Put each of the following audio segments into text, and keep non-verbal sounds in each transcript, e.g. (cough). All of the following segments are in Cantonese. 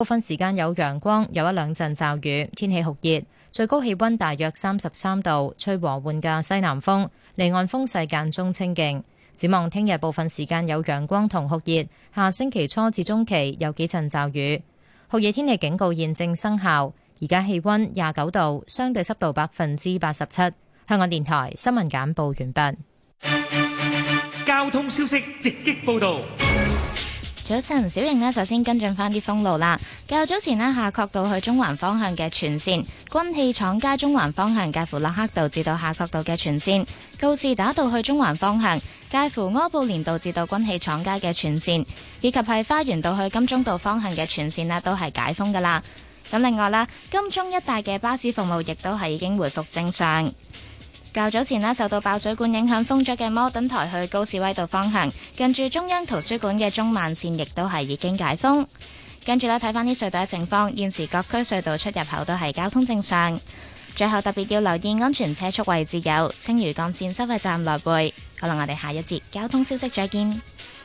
部分時間有陽光，有一兩陣驟雨，天氣酷熱，最高氣溫大約三十三度，吹和緩嘅西南風，離岸風勢間中清勁。展望聽日部分時間有陽光同酷熱，下星期初至中期有幾陣驟雨。酷熱天氣警告現正生效，而家氣溫廿九度，相對濕度百分之八十七。香港電台新聞簡報完畢。交通消息直擊報道。早晨，小瑩呢，首先跟進翻啲封路啦。較早前呢，夏慤道去中環方向嘅全線，軍器廠街中環方向介乎駱克道至到夏慤道嘅全線，告士打道去中環方向介乎柯布連道至到軍器廠街嘅全線，以及係花園道去金鐘道方向嘅全線呢，都係解封噶啦。咁另外啦，金鐘一帶嘅巴士服務亦都係已經回復正常。較早前咧，受到爆水管影響封咗嘅摩頓台去高士威道方向，近住中央圖書館嘅中慢線亦都係已經解封。跟住咧，睇返啲隧道嘅情況，現時各區隧道出入口都係交通正常。最後特別要留意安全車速位置有青嶼幹線收費站來回。可能我哋下一節交通消息再見。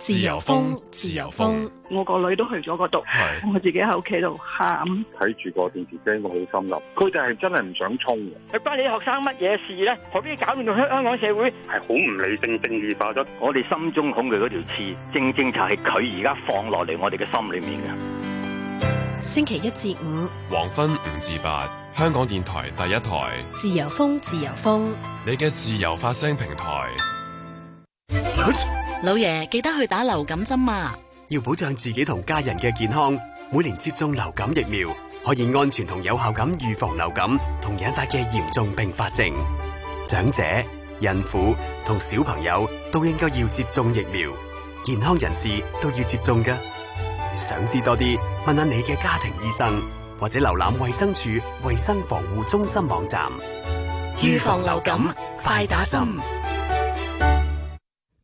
自由風，自由風。我個女都去咗嗰度，我自己喺屋企度下午睇住個電視機，我好心諗，佢哋係真係唔想衝嘅。係關你學生乜嘢事咧？何必搞亂到香香港社會？係好唔理性，政治化咗。我哋心中恐懼嗰條刺，正正就係佢而家放落嚟，我哋嘅心裏面嘅。星期一至五，黃昏五至八，香港電台第一台，自由風，自由風，你嘅自由發聲平台。老爺記得去打流感針啊！要保障自己同家人嘅健康，每年接種流感疫苗可以安全同有效咁預防流感同引發嘅嚴重併發症。長者、孕婦同小朋友都應該要接種疫苗，健康人士都要接種㗎。想知多啲，問下你嘅家庭醫生或者瀏覽衛生署衛生防護中心網站。預防流感，流感快打針！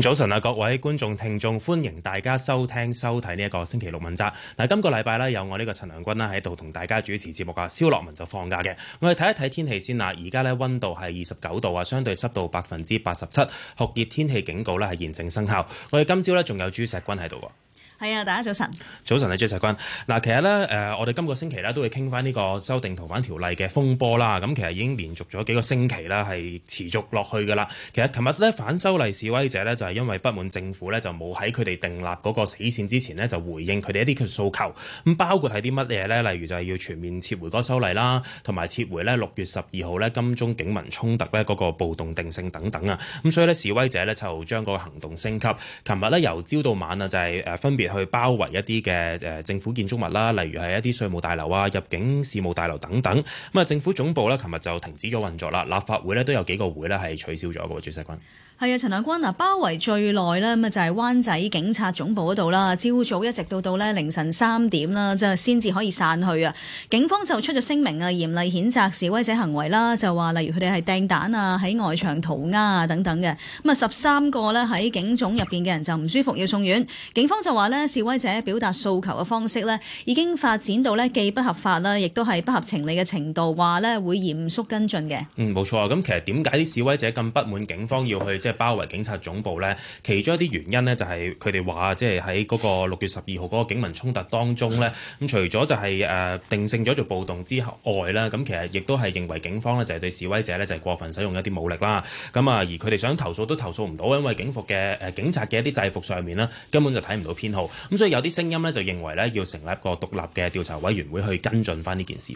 早晨啊，各位觀眾聽眾，歡迎大家收聽收睇呢一個星期六問責。嗱，今個禮拜呢，有我呢個陳亮均啦喺度同大家主持節目啊。蕭洛汶就放假嘅。我哋睇一睇天氣先啦。而家呢，溫度係二十九度啊，相對濕度百分之八十七，酷熱天氣警告呢係現正生效。我哋今朝呢，仲有朱錫君喺度。係啊，大家早晨。早晨，係錫君。嗱，其實咧，誒，我哋今個星期咧都會傾翻呢個修訂逃犯條例嘅風波啦。咁其實已經連續咗幾個星期啦，係持續落去㗎啦。其實琴日咧，反修例示威者呢，就係、是、因為不滿政府咧就冇喺佢哋訂立嗰個死線之前呢，就回應佢哋一啲嘅訴求。咁包括係啲乜嘢呢？例如就係要全面撤回嗰個修例啦，同埋撤回呢六月十二號呢金鐘警民衝突呢嗰個暴動定性等等啊。咁所以呢，示威者呢，就將個行動升級。琴日呢，由朝到晚啊、就是，就係誒分別。去包圍一啲嘅誒政府建築物啦，例如係一啲稅務大樓啊、入境事務大樓等等。咁啊，政府總部咧，琴日就停止咗運作啦。立法會咧都有幾個會咧係取消咗嘅喎，朱錫君。係啊，陳亮君嗱，包圍最耐咧，咁啊就係灣仔警察總部嗰度啦。朝早一直到到咧凌晨三點啦，即係先至可以散去啊。警方就出咗聲明啊，嚴厲譴責示威者行為啦，就話例如佢哋係掟彈啊、喺外牆塗鴉啊等等嘅。咁啊，十三個呢喺警總入邊嘅人就唔舒服要送院。警方就話呢，示威者表達訴求嘅方式呢已經發展到呢，既不合法啦，亦都係不合情理嘅程度，話呢，會嚴肅跟進嘅。嗯，冇錯啊。咁其實點解啲示威者咁不滿警方要去？即係包圍警察總部呢，其中一啲原因呢，就係佢哋話，即係喺嗰個六月十二號嗰個警民衝突當中呢，咁除咗就係誒定性咗做暴動之外啦，咁其實亦都係認為警方呢，就係對示威者呢，就係過分使用一啲武力啦。咁啊，而佢哋想投訴都投訴唔到，因為警服嘅誒警察嘅一啲制服上面呢，根本就睇唔到編號。咁所以有啲聲音呢，就認為呢，要成立一個獨立嘅調查委員會去跟進返呢件事。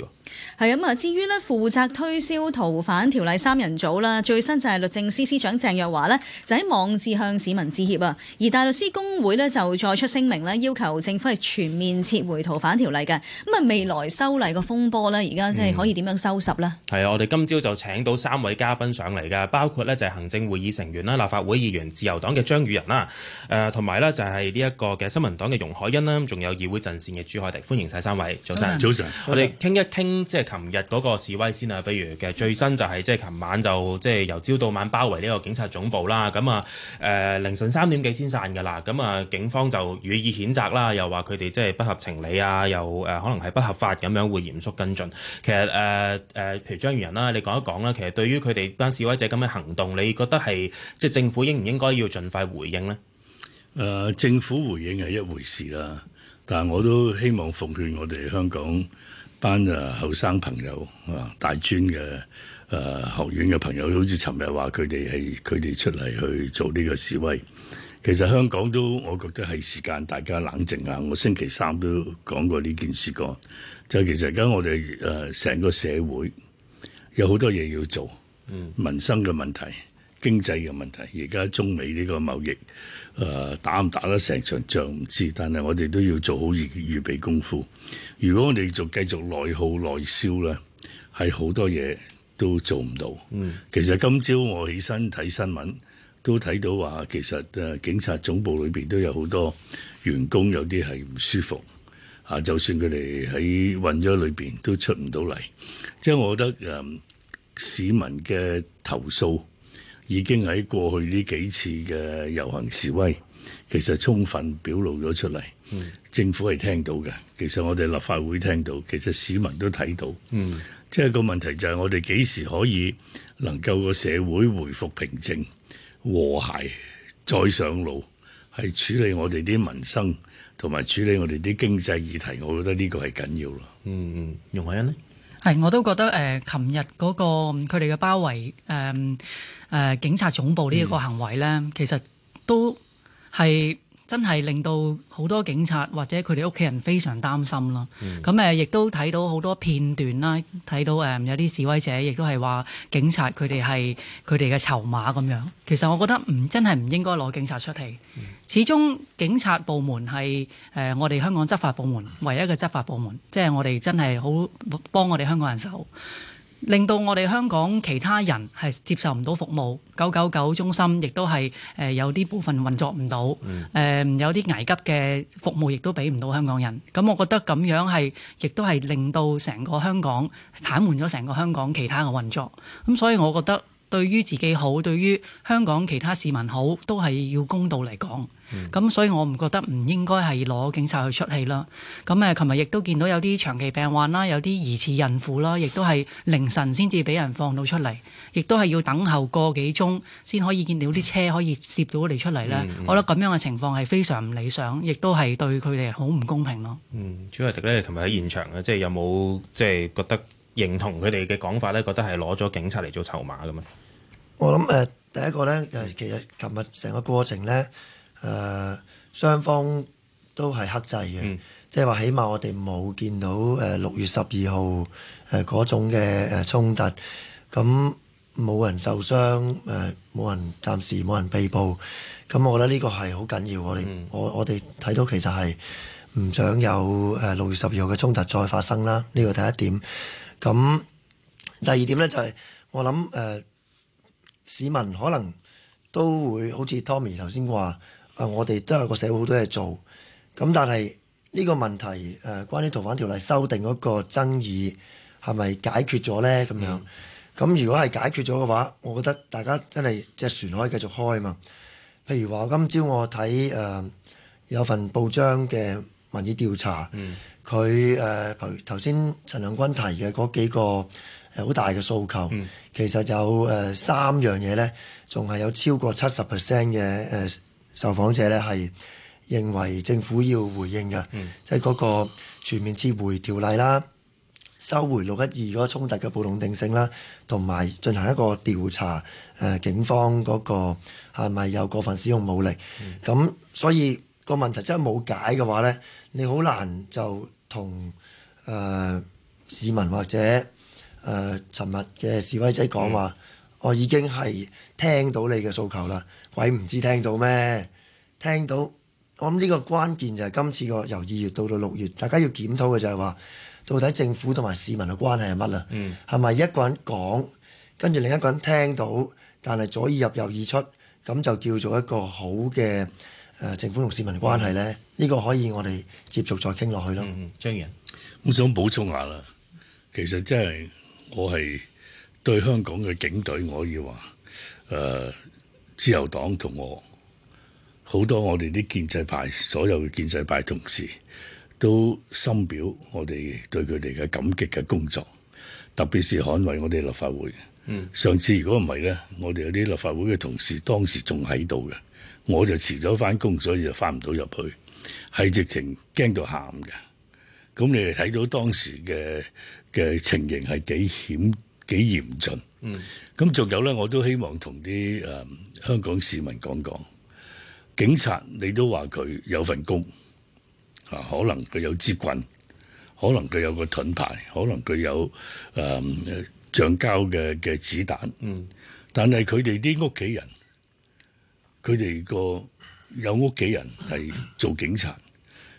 係咁啊，至於呢，負責推銷逃犯條例三人組啦，最新就係律政司司長鄭若驊就喺網誌向市民致歉啊，而大律師公會呢就再出聲明咧，要求政府係全面撤回逃犯條例嘅。咁啊未來修例個風波呢，而家即係可以點樣收拾呢？係啊、嗯，我哋今朝就請到三位嘉賓上嚟嘅，包括呢就係行政會議成員啦、立法會議員、自由黨嘅張宇人啦，誒同埋呢就係呢一個嘅新民黨嘅容海恩啦，仲有議會陣線嘅朱凱廸。歡迎晒三位，早晨，早晨。我哋傾一傾即係琴日嗰個示威先啊，譬如嘅最新就係即係琴晚就即係由朝到晚包圍呢個警察總部啦，咁啊、嗯，誒凌晨三點幾先散嘅啦，咁、嗯、啊，警方就予以譴責啦，又話佢哋即係不合情理啊，又誒、呃、可能係不合法咁樣會嚴肅跟進。其實誒誒、呃呃，譬如張宇人啦，你講一講啦，其實對於佢哋班示威者咁嘅行動，你覺得係即係政府應唔應該要盡快回應呢？誒、呃，政府回應係一回事啦，但係我都希望奉勸我哋香港班啊、後生朋友啊，大專嘅。誒學院嘅朋友，好似尋日話佢哋係佢哋出嚟去做呢個示威。其實香港都我覺得係時間，大家冷靜下。我星期三都講過呢件事個，就係、其實而家我哋誒成個社會有好多嘢要做，嗯、民生嘅問題、經濟嘅問題。而家中美呢個貿易誒、呃、打唔打得成場仗唔知，但係我哋都要做好預預備功夫。如果我哋仲繼續內耗內銷咧，係好多嘢都做唔到。其實今朝我起身睇新聞，都睇到話，其實誒警察總部裏邊都有好多員工，有啲係唔舒服啊。就算佢哋喺困咗裏邊，都出唔到嚟。即係我覺得誒，嗯，市民嘅投訴已經喺過去呢幾次嘅遊行示威，其實充分表露咗出嚟。政府係聽到嘅，其實我哋立法會聽到，其實市民都睇到。嗯。即係個問題就係我哋幾時可以能夠個社會回復平靜、和諧，再上路，係處理我哋啲民生同埋處理我哋啲經濟議題，我覺得呢個係緊要咯。嗯。嗯嗯，容海恩呢？係我都覺得誒，琴日嗰個佢哋嘅包圍誒誒，呃呃、警察總部呢一個行為咧，其實都係。真係令到好多警察或者佢哋屋企人非常擔心啦。咁誒、嗯，亦都睇到好多片段啦，睇到誒有啲示威者亦都係話警察佢哋係佢哋嘅籌碼咁樣。其實我覺得唔真係唔應該攞警察出氣。嗯、始終警察部門係誒我哋香港執法部門唯一嘅執法部門，即係我哋真係好幫我哋香港人手。令到我哋香港其他人係接受唔到服務，九九九中心亦都係誒、呃、有啲部分運作唔到，誒、呃，有啲危急嘅服務亦都俾唔到香港人。咁我覺得咁樣，係亦都係令到成個香港癱瘓咗成個香港其他嘅運作。咁所以我覺得對於自己好，對於香港其他市民好，都係要公道嚟講。咁、嗯、所以，我唔覺得唔應該係攞警察去出氣啦。咁、嗯、誒，琴日亦都見到有啲長期病患啦，有啲疑似孕婦啦，亦都係凌晨先至俾人放到出嚟，亦都係要等候個幾鐘先可以見到啲車可以攝到嚟出嚟咧。嗯嗯、我覺得咁樣嘅情況係非常唔理想，亦都係對佢哋好唔公平咯。嗯，朱凱廸咧，你琴日喺現場嘅，即係有冇即係覺得認同佢哋嘅講法咧？覺得係攞咗警察嚟做籌碼嘅咩？我諗誒、呃，第一個咧，就其實琴日成個過程咧。誒、呃、雙方都係克制嘅，即係話起碼我哋冇見到誒六、呃、月十二號誒嗰種嘅誒衝突，咁、呃、冇人受傷，誒、呃、冇人暫時冇人被捕，咁、嗯、我覺得呢個係好緊要。我哋、嗯、我我哋睇到其實係唔想有誒六、呃、月十二號嘅衝突再發生啦。呢個第一點。咁、嗯、第二點咧就係、是、我諗誒、呃、市民可能都會好似 Tommy 頭先話。啊！我哋都有個社會好多嘢做，咁但係呢個問題誒、呃，關於逃犯條例修訂嗰個爭議係咪解決咗呢？咁、嗯、樣咁如果係解決咗嘅話，我覺得大家真係隻船可以繼續開啊！嘛，譬如話今朝我睇誒、呃、有份報章嘅民意調查，佢誒頭先陳亮均提嘅嗰幾個好大嘅訴求，嗯、其實有誒、呃、三樣嘢呢，仲係有超過七十 percent 嘅誒。受訪者咧係認為政府要回應嘅，即係嗰個全面撤回條例啦，收回六一二嗰個衝突嘅暴動定性啦，同埋進行一個調查。誒、呃，警方嗰個係咪有過分使用武力？咁、嗯、所以個問題真係冇解嘅話咧，你好難就同誒、呃、市民或者誒尋日嘅示威者講話，嗯、我已經係聽到你嘅訴求啦。鬼唔知聽到咩？聽到我諗呢個關鍵就係今次個由二月到到六月，大家要檢討嘅就係話，到底政府同埋市民嘅關係係乜啦？係咪、嗯、一個人講，跟住另一個人聽到，但係左耳入右耳出，咁就叫做一個好嘅誒、呃、政府同市民嘅關係咧？呢、呢個可以我哋接續再傾落去咯、嗯。張仁，我想補充下啦，其實真係我係對香港嘅警隊，我可以話誒。呃自由黨同我好多，我哋啲建制派所有嘅建制派同事都深表我哋對佢哋嘅感激嘅工作，特別是捍衞我哋立法會。嗯、上次如果唔係呢，我哋有啲立法會嘅同事當時仲喺度嘅，我就遲咗翻工，所以就翻唔到入去，係直情驚到喊嘅。咁你哋睇到當時嘅嘅情形係幾險。幾嚴峻，咁仲、嗯、有咧，我都希望同啲誒香港市民講講，警察你都話佢有份工，啊，可能佢有支棍，可能佢有個盾牌，可能佢有誒、呃、橡膠嘅嘅子彈，嗯、但係佢哋啲屋企人，佢哋個有屋企人係做警察，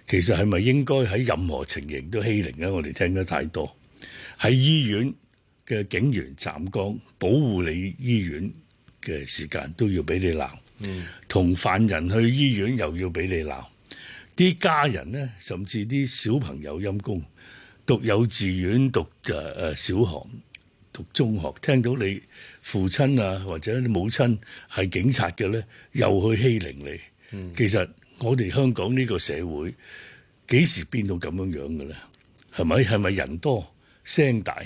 其實係咪應該喺任何情形，都欺凌咧？我哋聽得太多喺醫院。嘅警員站崗，保護你醫院嘅時間都要俾你鬧，嗯、同犯人去醫院又要俾你鬧。啲家人咧，甚至啲小朋友陰公讀幼稚園、讀誒誒小學、讀中學，聽到你父親啊或者你母親係警察嘅咧，又去欺凌你。嗯、其實我哋香港呢個社會幾時變到咁樣樣嘅咧？係咪係咪人多聲大？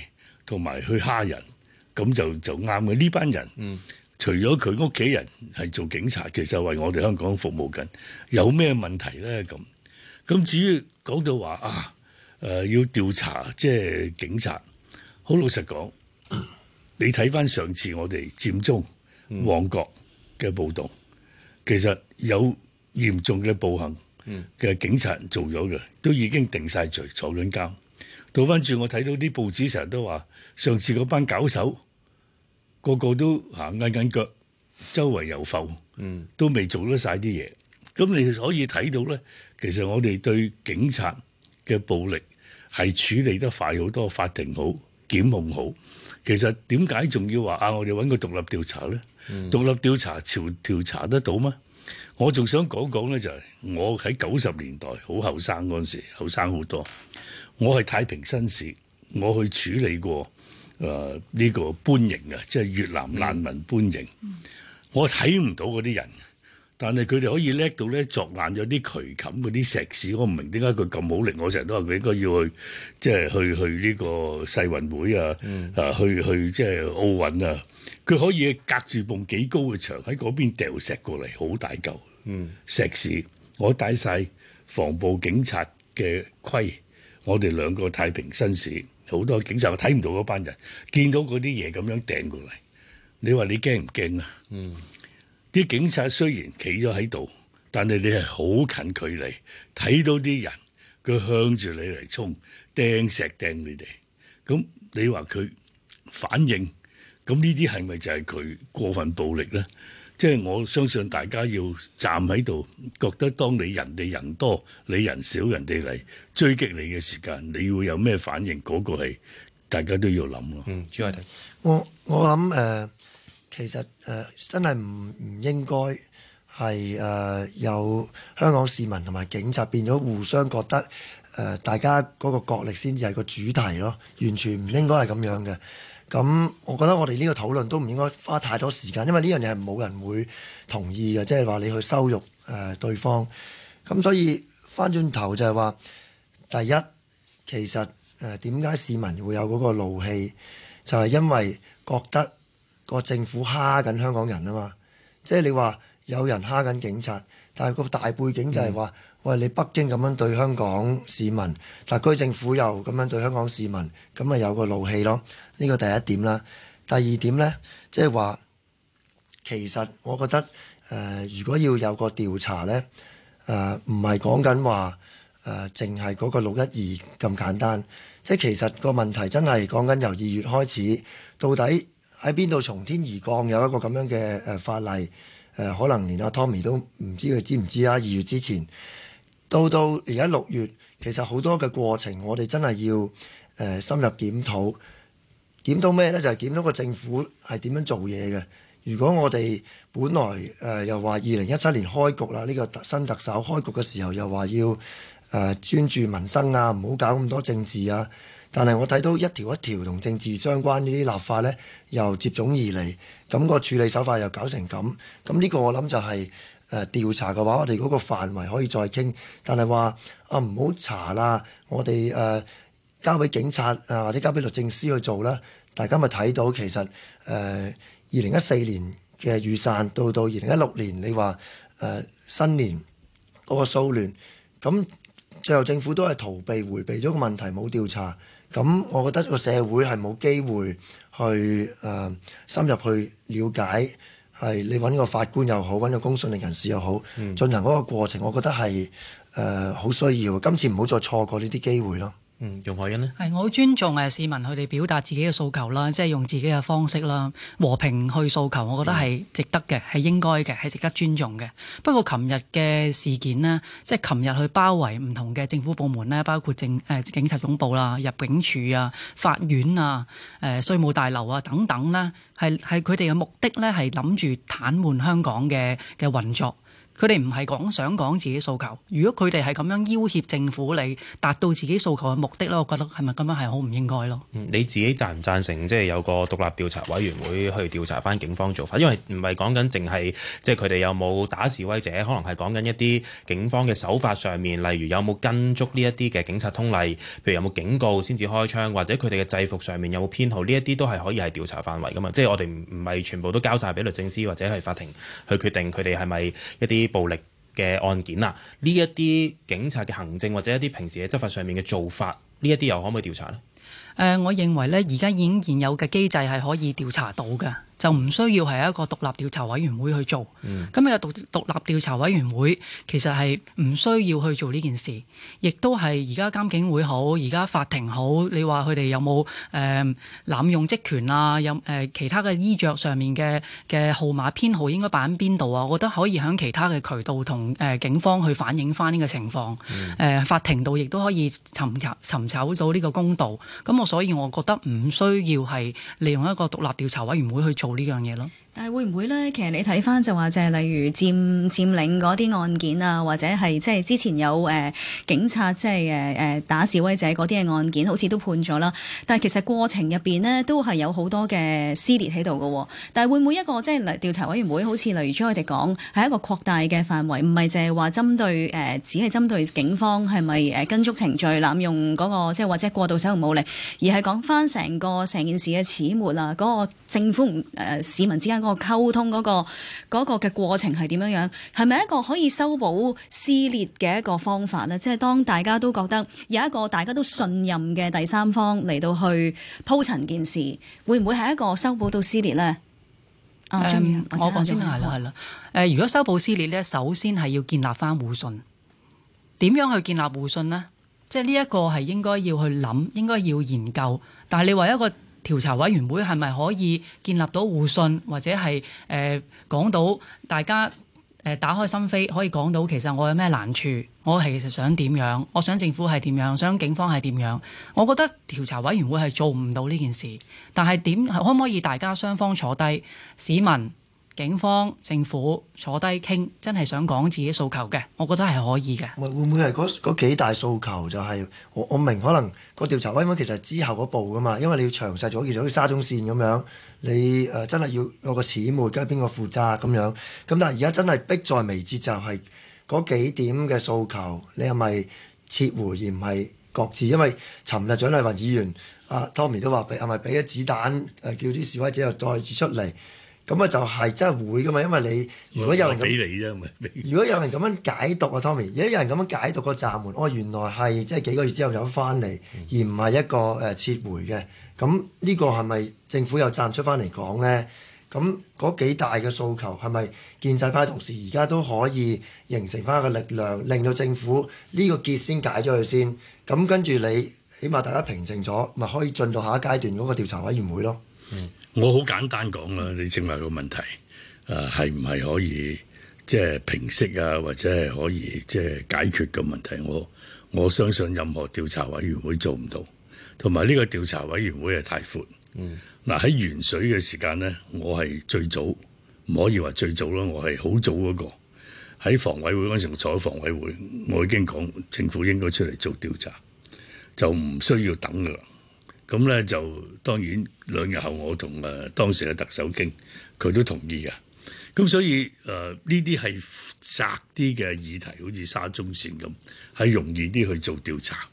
同埋去蝦人，咁就就啱嘅？呢班人，嗯、除咗佢屋企人係做警察，嗯、其實為我哋香港服務緊，有咩問題咧？咁咁至於講到話啊，誒、呃呃、要調查即係警察，好老實講，嗯、你睇翻上次我哋佔中旺角嘅暴動，嗯、其實有嚴重嘅暴行嘅、嗯、警察做咗嘅，都已經定晒罪了，坐緊監。倒翻轉，我睇到啲報紙成日都話，上次嗰班搞手個個都行、啊、韌韌腳，周圍遊浮，嗯、都未做得晒啲嘢。咁你可以睇到咧，其實我哋對警察嘅暴力係處理得快好多，法庭好，檢控好。其實點解仲要話啊，我哋搵個獨立調查咧？嗯、獨立調查調調查得到嗎？我仲想講講咧，就係、是、我喺九十年代好後生嗰陣時，後生好多。我係太平紳士，我去處理過誒呢、呃這個搬營啊，即係越南難民搬營。我睇唔到嗰啲人，但係佢哋可以叻到咧，鑿爛咗啲渠冚嗰啲石屎。我唔明點解佢咁好力。我成日都話畀佢要去即係去去呢個世運會啊，啊、嗯、去去即係奧運啊。佢可以隔住棟幾高嘅牆喺嗰邊掉石過嚟，好大嚿石屎。我帶晒防暴警察嘅盔。我哋兩個太平紳士，好多警察睇唔到嗰班人，見到嗰啲嘢咁樣掟過嚟，你話你驚唔驚啊？嗯，啲警察雖然企咗喺度，但係你係好近距離睇到啲人，佢向住你嚟衝，掟石掟你哋，咁你話佢反應，咁呢啲係咪就係佢過分暴力咧？即係我相信大家要站喺度，覺得當你人哋人多，你人少，人哋嚟追擊你嘅時間，你會有咩反應？嗰、那個係大家都要諗咯。嗯，朱凱廸，我我諗、呃、其實誒、呃、真係唔唔應該係誒、呃、有香港市民同埋警察變咗互相覺得誒、呃，大家嗰個角力先至係個主題咯，完全唔應該係咁樣嘅。咁，我覺得我哋呢個討論都唔應該花太多時間，因為呢樣嘢係冇人會同意嘅，即係話你去羞辱誒對方。咁所以翻轉頭就係話，第一其實誒點解市民會有嗰個怒氣，就係因為覺得個政府蝦緊香港人啊嘛。即係你話有人蝦緊警察，但係個大背景就係話、嗯、喂你北京咁樣對香港市民，特區政府又咁樣對香港市民，咁咪有個怒氣咯。呢個第一點啦，第二點呢，即係話其實我覺得誒、呃，如果要有個調查呢，誒唔係講緊話誒，淨係嗰個六一二咁簡單，即、就、係、是、其實個問題真係講緊由二月開始，到底喺邊度從天而降有一個咁樣嘅誒法例？誒、呃、可能連阿、啊、Tommy 都唔知佢知唔知啊？二月之前到到而家六月，其實好多嘅過程，我哋真係要誒、呃、深入檢討。檢到咩呢？就係、是、檢到個政府係點樣做嘢嘅。如果我哋本來誒、呃、又話二零一七年開局啦，呢、這個新特首開局嘅時候又話要誒、呃、專注民生啊，唔好搞咁多政治啊。但係我睇到一條一條同政治相關呢啲立法呢，又接踵而嚟，咁、那個處理手法又搞成咁。咁呢個我諗就係、是、誒、呃、調查嘅話，我哋嗰個範圍可以再傾。但係話啊唔好查啦，我哋誒、呃、交俾警察啊或者交俾律政司去做啦。大家咪睇到，其實誒二零一四年嘅雨傘，到到二零一六年，你話誒、呃、新年嗰個騷亂，咁最後政府都係逃避回避咗個問題，冇調查。咁我覺得個社會係冇機會去誒、呃、深入去了解，係你揾個法官又好，揾個公信力人士又好，嗯、進行嗰個過程，我覺得係誒好需要。今次唔好再錯過呢啲機會咯。嗯，容海恩咧，係我好尊重誒，市民佢哋表達自己嘅訴求啦，即係用自己嘅方式啦，和平去訴求，我覺得係值得嘅，係應該嘅，係值得尊重嘅。不過琴日嘅事件呢，即係琴日去包圍唔同嘅政府部門咧，包括政誒、呃、警察總部啦、入境處啊、法院啊、誒、呃、稅務大樓啊等等咧，係，係佢哋嘅目的咧，係諗住癱瘓香港嘅嘅運作。佢哋唔係講想講自己訴求，如果佢哋係咁樣要挾政府，你達到自己訴求嘅目的咧，我覺得係咪咁樣係好唔應該咯？你自己贊唔贊成即係有個獨立調查委員會去調查翻警方做法？因為唔係講緊淨係即係佢哋有冇打示威者，可能係講緊一啲警方嘅手法上面，例如有冇跟足呢一啲嘅警察通例，譬如有冇警告先至開槍，或者佢哋嘅制服上面有冇編號，呢一啲都係可以係調查範圍噶嘛？即係我哋唔唔係全部都交晒俾律政司或者係法庭去決定佢哋係咪一啲？暴力嘅案件啊，呢一啲警察嘅行政或者一啲平時嘅執法上面嘅做法，呢一啲又可唔可以調查呢？誒、呃，我認為咧，而家已經現有嘅機制係可以調查到嘅。就唔需要係一個獨立調查委員會去做。咁嘅獨獨立調查委員會其實係唔需要去做呢件事，亦都係而家監警會好，而家法庭好。你話佢哋有冇誒濫用職權啊？有誒、呃、其他嘅衣着上面嘅嘅號碼編號應該擺喺邊度啊？我覺得可以喺其他嘅渠道同誒警方去反映翻呢個情況。誒、嗯呃、法庭度亦都可以尋尋，尋，尋找到呢個公道。咁我所以，我覺得唔需要係利用一個獨立調查委員會去做。做呢樣嘢咯。但係會唔會咧？其實你睇翻就話就係例如佔佔領嗰啲案件啊，或者係即係之前有誒、呃、警察即係誒誒打示威者嗰啲嘅案件，好似都判咗啦。但係其實過程入邊呢，都係有好多嘅撕裂喺度嘅。但係會唔會一個即係、就是、調查委員會好似例如將佢哋講係一個擴大嘅範圍，唔係淨係話針對誒、呃、只係針對警方係咪誒跟足程序濫用嗰、那個即係或者過度使用武力，而係講翻成個成件事嘅始末啊，嗰、那個政府誒、呃、市民之間。溝那個溝通嗰個嗰個嘅過程係點樣樣？係咪一個可以修補撕裂嘅一個方法呢？即係當大家都覺得有一個大家都信任嘅第三方嚟到去鋪陳件事，會唔會係一個修補到撕裂呢？我我講先係啦係啦。誒樣，如果修補撕裂呢，首先係要建立翻互信。點樣去建立互信呢？即係呢一個係應該要去諗，應該要研究。但係你話一個。調查委員會係咪可以建立到互信，或者係誒、呃、講到大家誒打開心扉，可以講到其實我有咩難處，我係其實想點樣，我想政府係點樣，想警方係點樣？我覺得調查委員會係做唔到呢件事，但係點可唔可以大家雙方坐低，市民，警方政府坐低傾，真係想講自己訴求嘅，我覺得係可以嘅。會唔會係嗰幾大訴求就係、是、我我明可能個調查，因為其實之後嗰步㗎嘛，因為你要詳細咗件事，好似沙中線咁樣，你誒、呃、真係要有個始末，跟邊個負責咁樣？咁但係而家真係迫在眉睫就係、是、嗰幾點嘅訴求，你係咪撤回而唔係擱置？因為尋日蔣麗芸議員啊 Tommy 都話俾係咪俾咗子彈誒，叫啲示威者又再次出嚟？咁啊，就係真係會㗎嘛，因為你如果有人咁，如果有人咁樣解讀啊，Tommy，如果有人咁樣解讀個暫緩，我、 (laughs) 啊、原來係即係幾個月之後有得翻嚟，而唔係一個誒撤回嘅。咁呢個係咪政府又站出翻嚟講呢？咁嗰幾大嘅訴求係咪建制派同時而家都可以形成翻一個力量，令到政府呢個結先解咗佢先？咁跟住你，起碼大家平靜咗，咪可以進到下一階段嗰個調查委員會咯。嗯。我好簡單講啦，你正話個問題，誒係唔係可以即係平息啊，或者係可以即係解決個問題？我我相信任何調查委員會做唔到，同埋呢個調查委員會係太闊。嗯，嗱喺元水嘅時間咧，我係最早，唔可以話最早啦，我係好早嗰個喺房委會嗰陣時，坐喺房委會，我已經講政府應該出嚟做調查，就唔需要等噶啦。咁咧就當然。兩日後，我同誒當時嘅特首經，佢都同意嘅。咁所以誒呢啲係窄啲嘅議題，好似沙中線咁，係容易啲去做調查。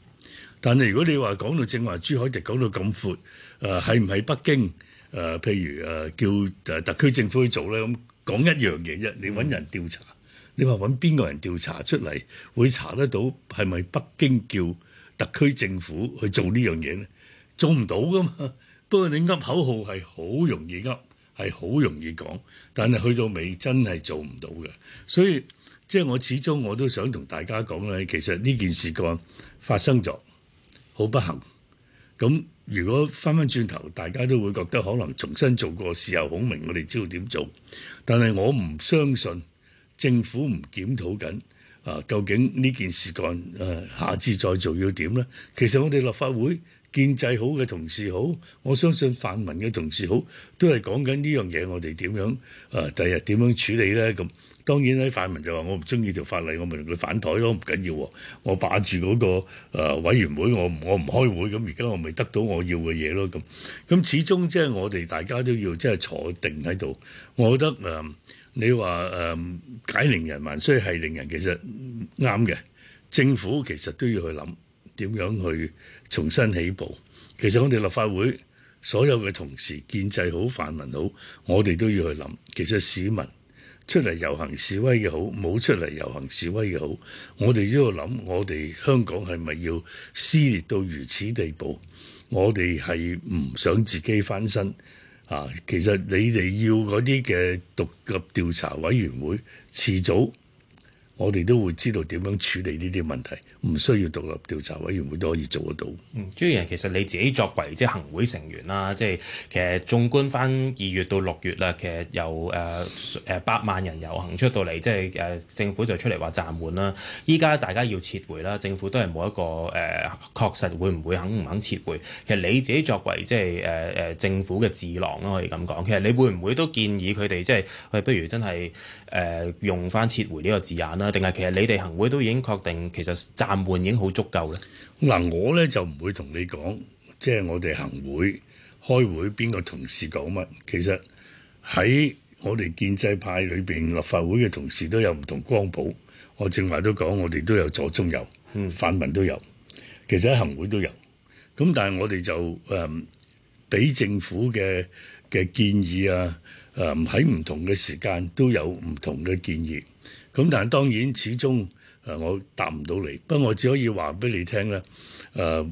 但係如果你話講到正話，朱凱廸講到咁闊誒，係唔係北京誒、呃？譬如誒，叫誒特區政府去做咧咁，講一樣嘢啫。你揾人調查，你話揾邊個人調查出嚟會查得到係咪北京叫特區政府去做呢樣嘢咧？做唔到噶嘛？不過你噏口號係好容易噏，係好容易講，但係去到尾真係做唔到嘅。所以即係我始終我都想同大家講咧，其實呢件事幹發生咗好不幸。咁如果翻返轉頭，大家都會覺得可能重新做過，事後孔明，我哋知道點做。但係我唔相信政府唔檢討緊啊，究竟呢件事幹誒、啊、下次再做要點咧？其實我哋立法會。建制好嘅同事好，我相信泛民嘅同事好，都係講緊呢樣嘢，我哋點樣，啊？第日點樣處理咧？咁當然咧，泛民就話我唔中意條法例，我咪同佢反台咯。唔緊要，我把住嗰個、呃、委員會，我唔我唔開會，咁而家我咪得到我要嘅嘢咯。咁咁始終即係我哋大家都要即係坐定喺度。我覺得誒、呃，你話誒、呃、解鈴人還須繫鈴人，其實啱嘅。政府其實都要去諗。點樣去重新起步？其實我哋立法會所有嘅同事建制好、泛民好，我哋都要去諗。其實市民出嚟遊行示威嘅好，冇出嚟遊行示威嘅好，我哋都要諗。我哋香港係咪要撕裂到如此地步？我哋係唔想自己翻身啊！其實你哋要嗰啲嘅獨立調查委員會，遲早我哋都會知道點樣處理呢啲問題。唔需要獨立調查委員會都可以做得到。嗯，張宇人其實你自己作為即係行會成員啦，即係其實縱觀翻二月到六月啦，其實由誒誒、呃、百萬人遊行出到嚟，即係誒、呃、政府就出嚟話暫緩啦。依家大家要撤回啦，政府都係冇一個誒、呃、確實會唔會肯唔肯撤回。其實你自己作為即係誒誒政府嘅智囊咯，可以咁講。其實你會唔會都建議佢哋即係誒不如真係誒、呃、用翻撤回呢個字眼啦？定係其實你哋行會都已經確定其實暫換已經好足夠嘅。嗱，我咧就唔會同你講，即係我哋行會開會邊個同事講乜。其實喺我哋建制派裏邊，立法會嘅同事都有唔同光譜。我正話都講，我哋都有左中右，泛民都有，其實喺行會都有。咁但係我哋就誒，俾、呃、政府嘅嘅建議啊，誒喺唔同嘅時間都有唔同嘅建議。咁、呃、但係當然始終。誒，我答唔到你，不過我只可以話俾你聽咧。誒、呃，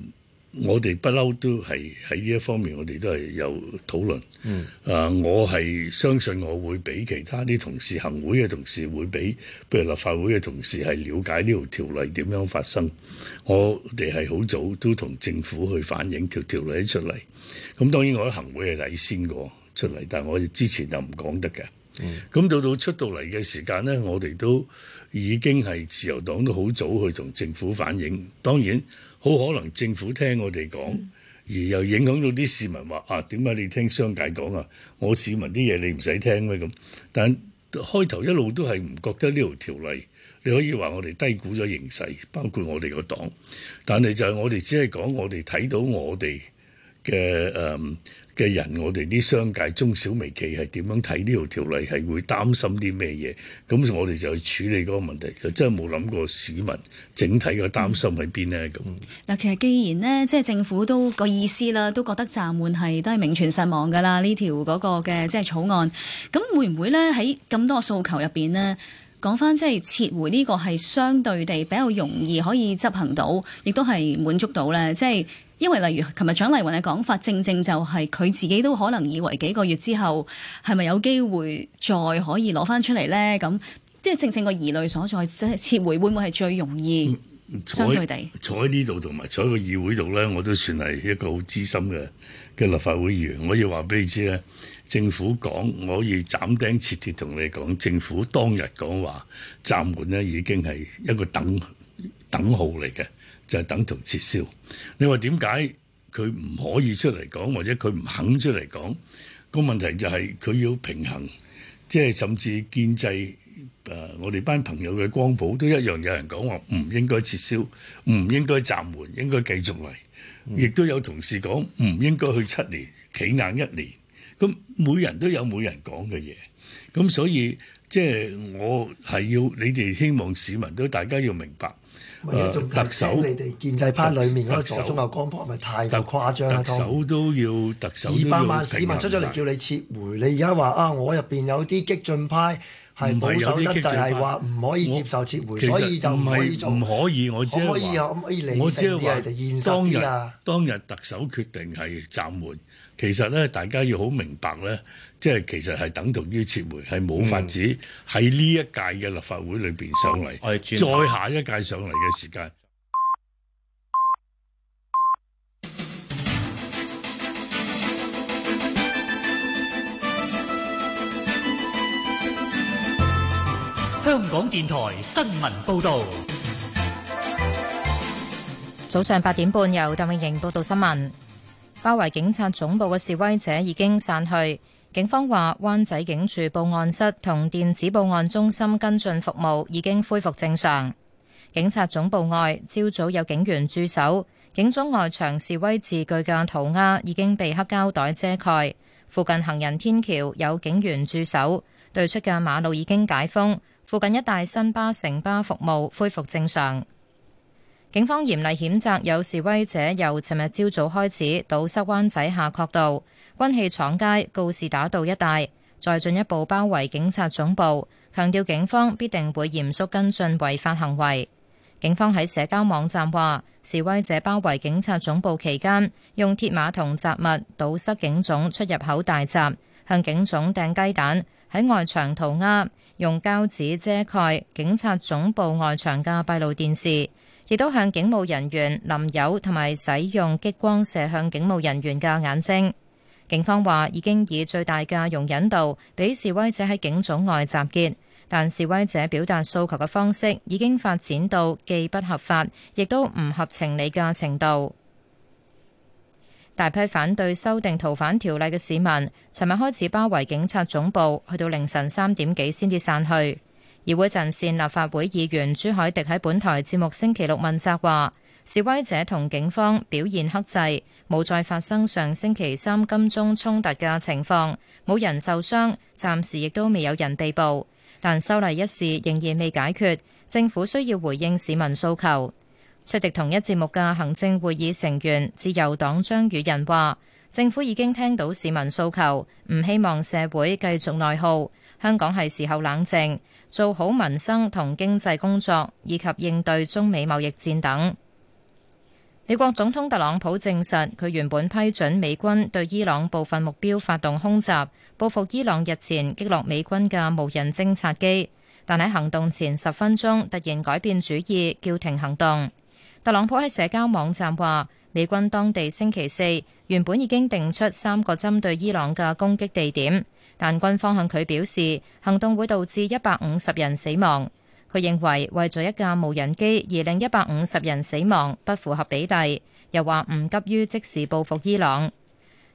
我哋不嬲都係喺呢一方面，我哋都係有討論。嗯。誒、呃，我係相信我會比其他啲同事行會嘅同事會比，譬如立法會嘅同事係了解呢條條例點樣發生。我哋係好早都同政府去反映條條例出嚟。咁、嗯嗯、當然我喺行會係先個出嚟，但係我哋之前就唔講得嘅。咁到到出到嚟嘅時間咧，我哋都。已經係自由黨都好早去同政府反映，當然好可能政府聽我哋講，而又影響到啲市民話啊，點解你聽商界講啊？我市民啲嘢你唔使聽咩咁？但開頭一路都係唔覺得呢條條例，你可以話我哋低估咗形勢，包括我哋個黨。但係就係我哋只係講我哋睇到我哋嘅誒。嗯嘅人，我哋啲商界中小微企係點樣睇呢條條例？係會擔心啲咩嘢？咁我哋就去處理嗰個問題。就真係冇諗過市民整體嘅擔心喺邊咧？咁嗱、嗯，其實既然咧，即係政府都、嗰個意思啦，都覺得暫緩係都係名存實亡噶啦呢條嗰個嘅即係草案。咁會唔會咧喺咁多訴求入邊咧？講翻即係撤回呢個係相對地比較容易可以執行到，亦都係滿足到咧。即係因為例如琴日蔣麗芸嘅講法，正正就係佢自己都可能以為幾個月之後係咪有機會再可以攞翻出嚟咧？咁即係正正個疑慮所在，即係撤回會唔會係最容易？嗯坐喺呢度同埋坐喺個議會度呢，我都算係一個好資深嘅嘅立法會議員。我要話俾你知咧，政府講，我可以斬釘截鐵同你講，政府當日講話暫緩咧，已經係一個等等號嚟嘅，就係等同撤銷。你話點解佢唔可以出嚟講，或者佢唔肯出嚟講？個問題就係佢要平衡，即係甚至建制。誒，uh, 我哋班朋友嘅光譜都一樣，有人講話唔應該撤銷，唔應該暫緩，應該繼續嚟。亦都有同事講唔應該去七年，企硬一年。咁每人都有每人講嘅嘢。咁所以即係我係要你哋希望市民都大家要明白。特首，你哋建制派裡面嗰個左中右光譜係咪特太過誇張特，特首都要，特首都要。二百萬市民出咗嚟叫你撤回，你而家話啊，我入邊有啲激進派。係保守得滯，係話唔可以接受撤回，所以就唔可以做。唔可以，我即係話。可，可以我知可，可以理性啲，就現實啲啊！當日特首決定係暫緩，其實咧大家要好明白咧，即係其實係等同於撤回，係冇法子喺呢、嗯、一屆嘅立法會裏邊上嚟。再、嗯、下一屆上嚟嘅時間。香港電台新聞報道，早上八點半由鄧永瑩報道新聞。包圍警察總部嘅示威者已經散去，警方話灣仔警署報案室同電子報案中心跟進服務已經恢復正常。警察總部外，朝早有警員駐守，警總外牆示威字句嘅塗鴉已經被黑膠袋遮蓋。附近行人天橋有警員駐守，對出嘅馬路已經解封。附近一帶新巴、城巴服務恢復正常。警方嚴厲譴責有示威者由尋日朝早開始堵塞灣仔夏慤道、軍器廠街、告士打道一帶，再進一步包圍警察總部，強調警方必定會嚴肅跟進違法行為。警方喺社交網站話，示威者包圍警察總部期間，用鐵馬同雜物堵塞警總出入口大閘，向警總掟雞蛋，喺外牆塗鴉。用膠紙遮蓋警察總部外牆嘅閉路電視，亦都向警務人員淋油，同埋使用激光射向警務人員嘅眼睛。警方話已經以最大嘅容忍度，俾示威者喺警總外集結，但示威者表達訴求嘅方式已經發展到既不合法，亦都唔合情理嘅程度。大批反對修訂逃犯條例嘅市民，尋日開始包圍警察總部，去到凌晨三點幾先至散去。議會陣線立法會議員朱凱廸喺本台節目星期六問責話：示威者同警方表現克制，冇再發生上星期三金鐘衝突嘅情況，冇人受傷，暫時亦都未有人被捕。但修例一事仍然未解決，政府需要回應市民訴求。出席同一節目嘅行政會議成員自由黨張宇人話，政府已經聽到市民訴求，唔希望社會繼續內耗，香港係時候冷靜，做好民生同經濟工作，以及應對中美貿易戰等。美國總統特朗普證實，佢原本批准美軍對伊朗部分目標發動空襲，報復伊朗日前擊落美軍嘅無人偵察機，但喺行動前十分鐘突然改變主意，叫停行動。特朗普喺社交網站話：美軍當地星期四原本已經定出三個針對伊朗嘅攻擊地點，但軍方向佢表示行動會導致一百五十人死亡。佢認為為咗一架無人機而令一百五十人死亡不符合比例，又話唔急於即時報復伊朗。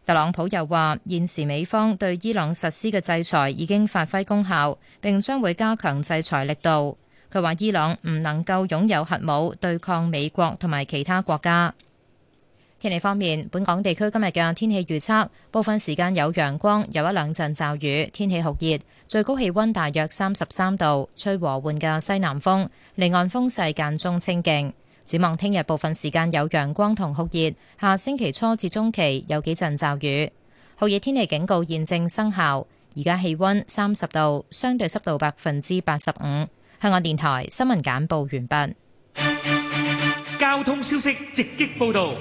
特朗普又話：現時美方對伊朗實施嘅制裁已經發揮功效，並將會加強制裁力度。佢話：伊朗唔能夠擁有核武對抗美國同埋其他國家。天氣方面，本港地區今日嘅天氣預測部分時間有陽光，有一兩陣驟雨，天氣酷熱，最高氣温大約三十三度，吹和緩嘅西南風。離岸風勢間中清勁。展望聽日部分時間有陽光同酷熱，下星期初至中期有幾陣驟雨。酷熱天氣警告現正生效。而家氣温三十度，相對濕度百分之八十五。香港電台新聞簡報完畢。交通消息直擊報道。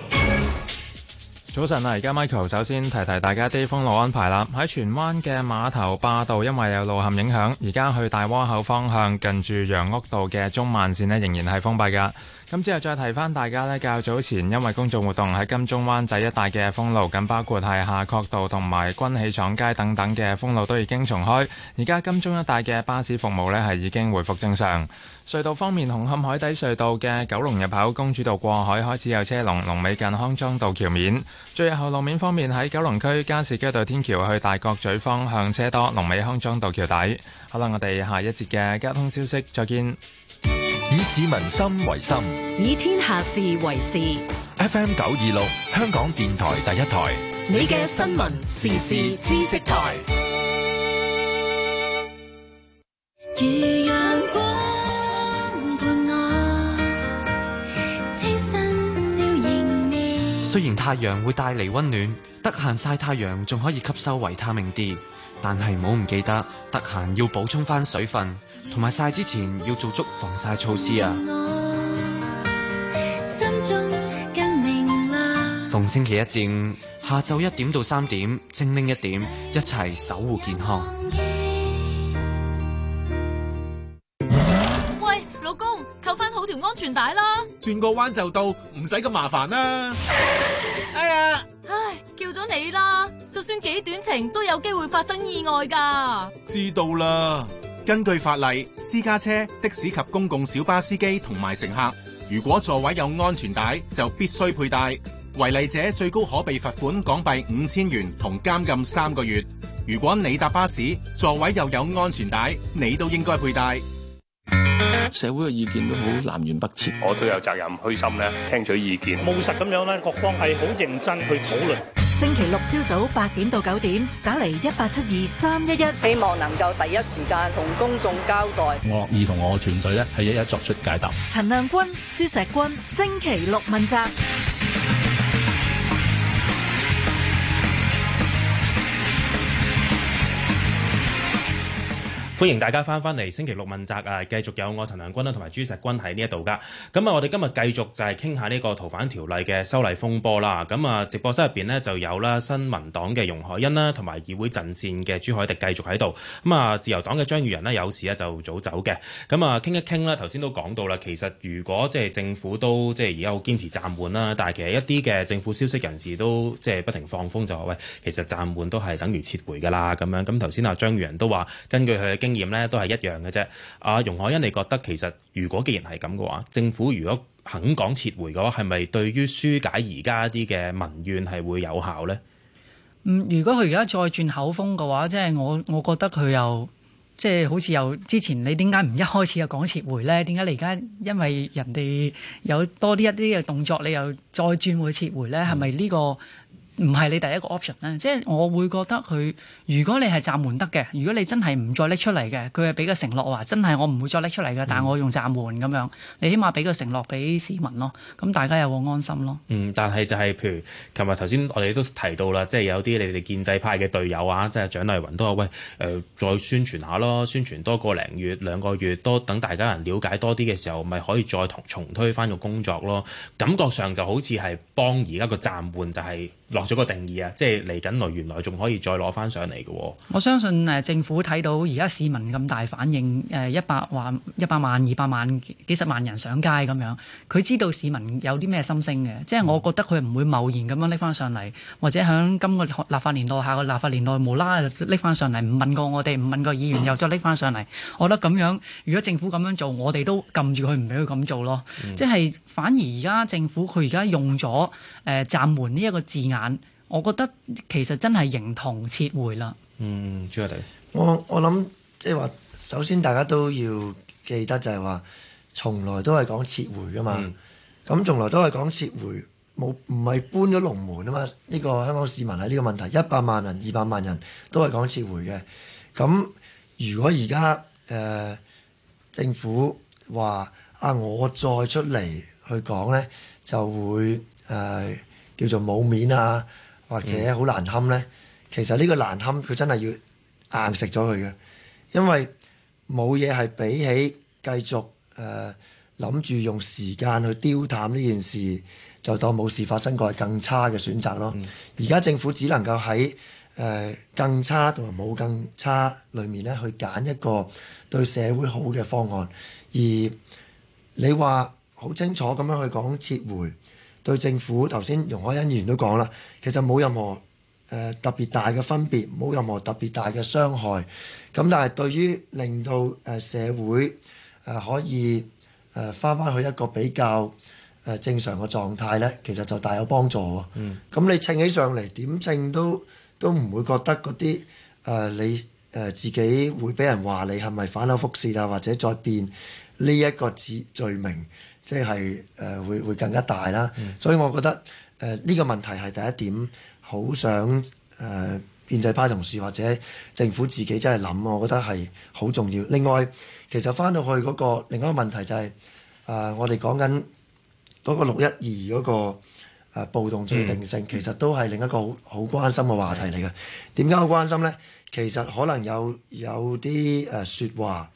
早晨啊，而家 Michael 首先提提大家啲封路安排啦。喺荃灣嘅碼頭壩道，因為有路陷影響，而家去大窩口方向近住楊屋道嘅中慢線咧，仍然係封閉噶。咁之後再提翻大家呢，較早前因為公眾活動喺金鐘灣仔一帶嘅封路，咁包括係夏慤道同埋軍器廠街等等嘅封路都已經重開。而家金鐘一帶嘅巴士服務呢係已經回復正常。隧道方面，紅磡海底隧道嘅九龍入口公主道過海開始有車龍，龍尾近康莊道橋面。最後路面方面喺九龍區加士居道天橋去大角咀方向車多，龍尾康莊道橋底。好啦，我哋下一節嘅交通消息，再見。以市民心為心，以天下事為事。FM 九二六，香港電台第一台。你嘅新聞時事知識台。如陽光伴我，清新笑盈面。雖然太陽會帶嚟温暖，得閒晒太陽仲可以吸收維他命 D，但係唔好唔記得，得閒要補充翻水分。同埋曬之前要做足防曬措施啊！心中逢星期一至五下晝一點到三點，精靈一點，一齊守護健康。喂，老公，扣翻好條安全帶啦！轉個彎就到，唔使咁麻煩啦。哎呀，唉，叫咗你啦，就算幾短程都有機會發生意外㗎。知道啦。根據法例，私家車、的士及公共小巴司機同埋乘客，如果座位有安全帶，就必須佩戴。違例者最高可被罰款港幣五千元同監禁三個月。如果你搭巴士，座位又有安全帶，你都應該佩戴。社會嘅意見都好南轅北轍，我都有責任虛心咧聽取意見，務實咁樣咧，各方係好認真去討論。星期六朝早八點到九點，打嚟一八七二三一一，希望能夠第一時間同公眾交代，我樂意同我團隊咧係一一作出解答。陳亮均、朱錫君，星期六問責。歡迎大家翻返嚟星期六問責啊！繼續有我陳亮均啦，同埋朱錫君喺呢一度㗎。咁啊，我哋今日繼續就係傾下呢個逃犯條例嘅修例風波啦。咁啊，直播室入邊呢就有啦，新民黨嘅容海恩啦，同埋議會陣線嘅朱凱廸繼續喺度。咁啊，自由黨嘅張宇人呢，有時呢就早走嘅。咁啊，傾一傾啦。頭先都講到啦，其實如果即係政府都即係而家好堅持暫緩啦，但係其實一啲嘅政府消息人士都即係不停放風就話，喂，其實暫緩都係等於撤回㗎啦咁樣。咁頭先啊張宇人都話，根據佢嘅經驗咧都係一樣嘅啫。阿、啊、容海恩，你覺得其實如果既然係咁嘅話，政府如果肯講撤回嘅話，係咪對於紓解而家啲嘅民怨係會有效咧？嗯，如果佢而家再轉口風嘅話，即、就、係、是、我，我覺得佢又即係、就是、好似又之前你點解唔一開始就講撤回咧？點解你而家因為人哋有多啲一啲嘅動作，你又再轉會撤回咧？係咪呢個？唔係你第一個 option 咧，即係我會覺得佢如果你係暫緩得嘅，如果你真係唔再拎出嚟嘅，佢係俾個承諾話，真係我唔會再拎出嚟嘅，但係我用暫緩咁樣，你起碼俾個承諾俾市民咯，咁大家有個安心咯。嗯，但係就係譬如琴日頭先我哋都提到啦，即係有啲你哋建制派嘅隊友啊，即係蔣麗雲都有喂，誒、呃、再宣傳下咯，宣傳多個零月兩個月，多等大家人了解多啲嘅時候，咪可以再同重推返個工作咯。感覺上就好似係幫而家個暫緩就係落。咗個定義啊，即係嚟緊來，原來仲可以再攞翻上嚟嘅。我相信誒政府睇到而家市民咁大反應，誒一百萬、一百萬、二百萬幾十萬人上街咁樣，佢知道市民有啲咩心聲嘅。即係我覺得佢唔會貿然咁樣拎翻上嚟，或者響今個立法年度下個立法年度無啦拎翻上嚟，唔問過我哋，唔問過議員又再拎翻上嚟。我覺得咁樣，如果政府咁樣做，我哋都撳住佢，唔俾佢咁做咯。即係反而而家政府佢而家用咗誒暫緩呢一個字眼。我覺得其實真係形同撤回啦。嗯，朱凱廸，我我諗即係話，首先大家都要記得就係話，從來都係講撤回㗎嘛。咁、嗯、從來都係講撤回，冇唔係搬咗龍門啊嘛。呢、呢個香港市民喺呢個問題，一百萬人、二百萬人都係講撤回嘅。咁如果而家誒政府話啊，我再出嚟去講咧，就會誒、呃、叫做冇面啊。或者好難堪呢？其實呢個難堪佢真係要硬食咗佢嘅，因為冇嘢係比起繼續誒諗住用時間去丟淡呢件事，就當冇事發生過係更差嘅選擇咯。而家、嗯、政府只能夠喺誒、呃、更差同埋冇更差裡面咧去揀一個對社會好嘅方案，而你話好清楚咁樣去講撤回。對政府，頭先容海恩議員都講啦，其實冇任何誒特別大嘅分別，冇任何特別大嘅傷害。咁但係對於令到誒社會誒可以誒翻翻去一個比較誒正常嘅狀態咧，其實就大有幫助。嗯，咁你稱起上嚟，點稱都都唔會覺得嗰啲誒你誒自己會俾人話你係咪反口覆舌啊，或者再變呢一個字罪名。即係誒、呃、會會更加大啦，嗯、所以我覺得誒呢、呃這個問題係第一點，好想誒建、呃、制派同事或者政府自己真係諗，我覺得係好重要。另外，其實翻到去、那、嗰個另一個問題就係、是、誒、呃、我哋講緊嗰個六一二嗰個、呃、暴動罪定性，嗯、其實都係另一個好好關心嘅話題嚟嘅。點解好關心呢？其實可能有有啲誒説話。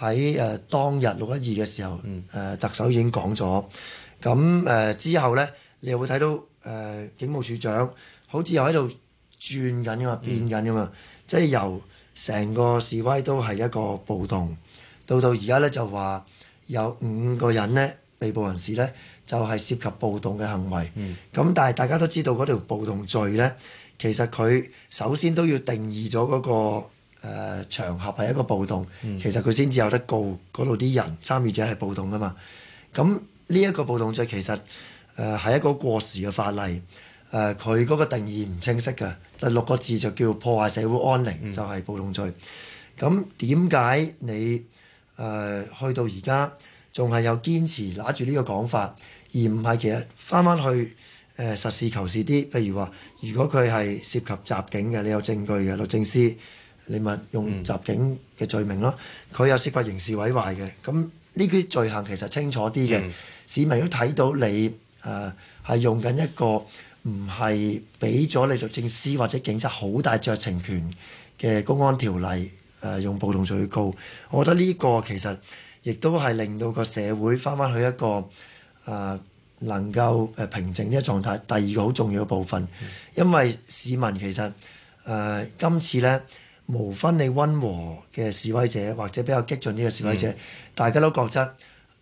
喺誒當日六一二嘅時候，誒、嗯、特首已經講咗，咁誒、呃、之後呢，你又會睇到誒、呃、警務處長好似又喺度轉緊㗎嘛，變緊㗎嘛，嗯、即係由成個示威都係一個暴動，到到而家呢，就話有五個人呢，被捕人士呢，就係、是、涉及暴動嘅行為，咁、嗯、但係大家都知道嗰條暴動罪呢，其實佢首先都要定義咗嗰、那個。誒、呃、場合係一個暴動，嗯、其實佢先至有得告嗰度啲人參與者係暴動噶嘛。咁呢一個暴動罪其實誒係、呃、一個過時嘅法例，誒佢嗰個定義唔清晰嘅第六個字就叫破壞社會安寧，嗯、就係暴動罪。咁點解你誒去、呃、到而家仲係有堅持攞住呢個講法，而唔係其實翻翻去誒實事求是啲，譬如話如果佢係涉及襲警嘅，你有證據嘅律政司。你咪用襲警嘅罪名咯，佢有涉及刑事毀壞嘅，咁呢啲罪行其實清楚啲嘅， (noise) 市民都睇到你誒係、呃、用緊一個唔係俾咗你律政司或者警察好大酌情權嘅公安條例誒、呃、用暴動罪去告，我覺得呢個其實亦都係令到個社會翻翻去一個誒、呃、能夠誒平靜嘅一個狀態。第二個好重要嘅部分， (noise) 因為市民其實誒、呃、今次呢。無分你溫和嘅示威者，或者比較激進呢嘅示威者，嗯、大家都覺得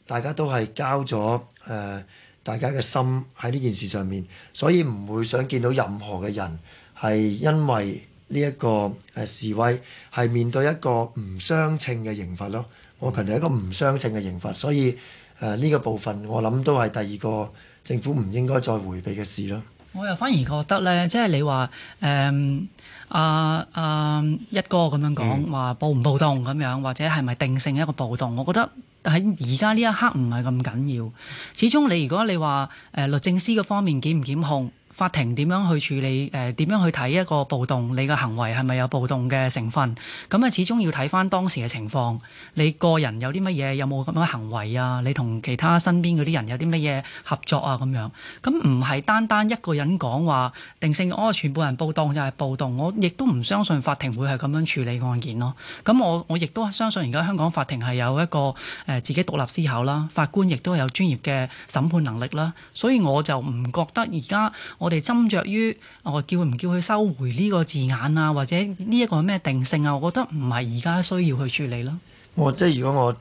大家都係交咗誒、呃，大家嘅心喺呢件事上面，所以唔會想見到任何嘅人係因為呢一個誒示威係面對一個唔相稱嘅刑罰咯。嗯、我覺得係一個唔相稱嘅刑罰，所以誒呢、呃呢個部分我諗都係第二個政府唔應該再回避嘅事咯。我又反而覺得呢，即係你話誒。嗯啊，阿、uh, uh, 一哥咁樣講，話暴唔暴動咁樣，或者係咪定性一個暴動，我覺得喺而家呢一刻唔係咁緊要。始終你如果你話誒、呃、律政司嘅方面檢唔檢控？法庭點樣去處理？誒點樣去睇一個暴動？你嘅行為係咪有暴動嘅成分？咁啊，始終要睇翻當時嘅情況，你個人有啲乜嘢？有冇咁樣行為啊？你同其他身邊嗰啲人有啲乜嘢合作啊？咁樣，咁唔係單單一個人講話定性，哦，全部人暴動就係暴動，我亦都唔相信法庭會係咁樣處理案件咯。咁我我亦都相信而家香港法庭係有一個誒、呃、自己獨立思考啦，法官亦都有專業嘅審判能力啦。所以我就唔覺得而家我。我哋斟酌於我叫唔叫佢收回呢個字眼啊，或者呢一個咩定性啊？我覺得唔係而家需要去處理咯。我即係如果我